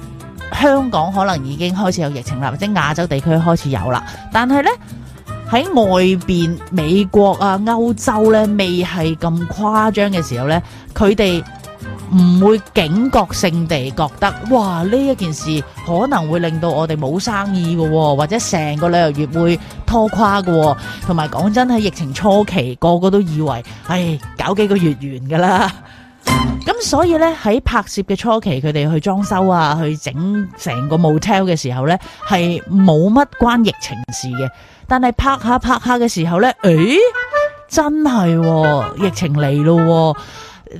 香港可能已經開始有疫情啦，或者亞洲地區開始有啦，但係呢。喺外邊美國啊、歐洲呢，未係咁誇張嘅時候呢，佢哋唔會警覺性地覺得哇，呢一件事可能會令到我哋冇生意嘅、哦，或者成個旅遊業會拖垮嘅、哦。同埋講真，喺疫情初期，個個都以為唉，搞幾個月完噶啦。咁 所以呢，喺拍攝嘅初期，佢哋去裝修啊，去整成個 motel 嘅時候呢，係冇乜關疫情的事嘅。但係拍下拍下嘅時候呢，誒、欸，真係、哦、疫情嚟咯、哦，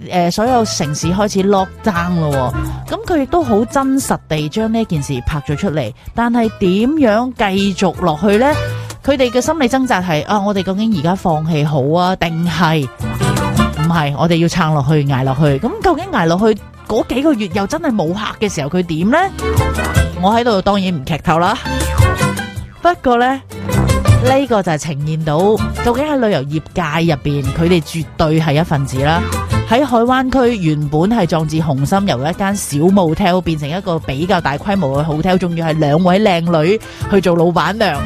誒、呃，所有城市開始落燈咯。咁佢亦都好真實地將呢件事拍咗出嚟。但係點樣繼續落去呢？佢哋嘅心理掙扎係啊，我哋究竟而家放棄好啊，定係唔係？我哋要撐落去，捱落去。咁、嗯、究竟捱落去嗰幾個月又真係冇客嘅時候，佢點呢？我喺度當然唔劇透啦。不過呢。呢個就係呈現到，究竟喺旅遊業界入邊，佢哋絕對係一份子啦。喺海灣區原本係壯志雄心由一間小 hotel 變成一個比較大規模嘅 hotel 仲要係兩位靚女去做老闆娘。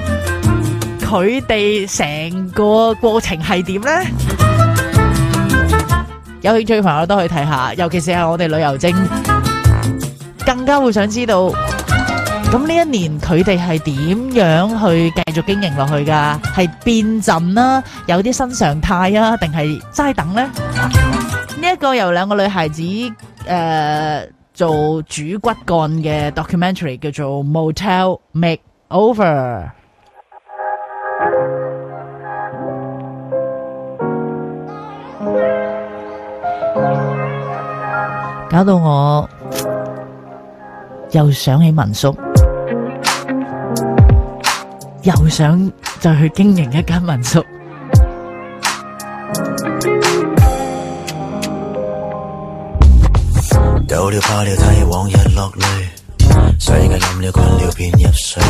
佢哋成個過程係點呢？有興趣嘅朋友都可以睇下，尤其是係我哋旅遊精，更加會想知道。咁呢一年佢哋係點樣去繼續經營落去噶？係變陣啦、啊，有啲新常態啊，定係齋等呢？呢、這、一個由兩個女孩子誒、呃、做主骨幹嘅 documentary 叫做 Motel Makeover，搞到我又想起民宿。又想再去經營一間民宿，到了怕了，太往日落淚，世界冧了慣了便入睡，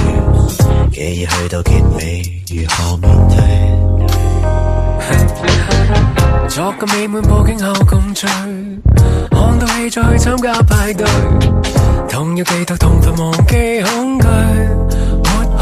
記憶去到結尾如何面對？作個美滿佈景後共醉，看到戲再去參加派對，痛要記得痛到忘記恐懼。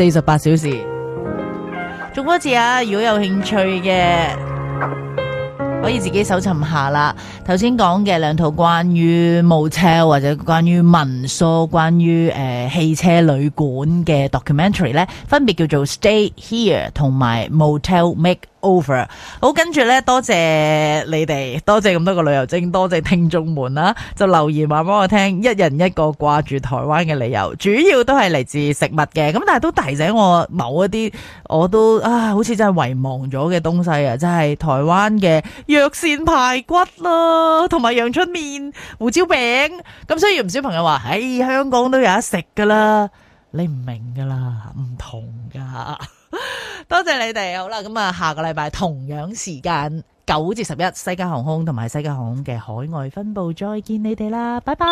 四十八小時，做多次啊！如果有興趣嘅，可以自己搜尋下啦。頭先講嘅兩套關於 motel 或者關於民宿、關於誒、呃、汽車旅館嘅 documentary 咧，分別叫做 Stay Here 同埋 Motel Make。over 好，跟住咧，多謝你哋，多謝咁多個旅遊精，多謝聽眾們啦、啊，就留言話俾我聽，一人一個掛住台灣嘅理由，主要都係嚟自食物嘅，咁但係都提醒我某一啲，我都啊，好似真係遺忘咗嘅東西啊，真係台灣嘅藥膳排骨啦、啊，同埋陽春麵、胡椒餅，咁所以唔少朋友話，唉，香港都有得食噶啦，你唔明噶啦，唔同噶。 多謝你哋。好啦，咁啊，下個禮拜同樣時間九至十一，西加航空同埋西加航空嘅海外分部再見你哋啦，拜拜。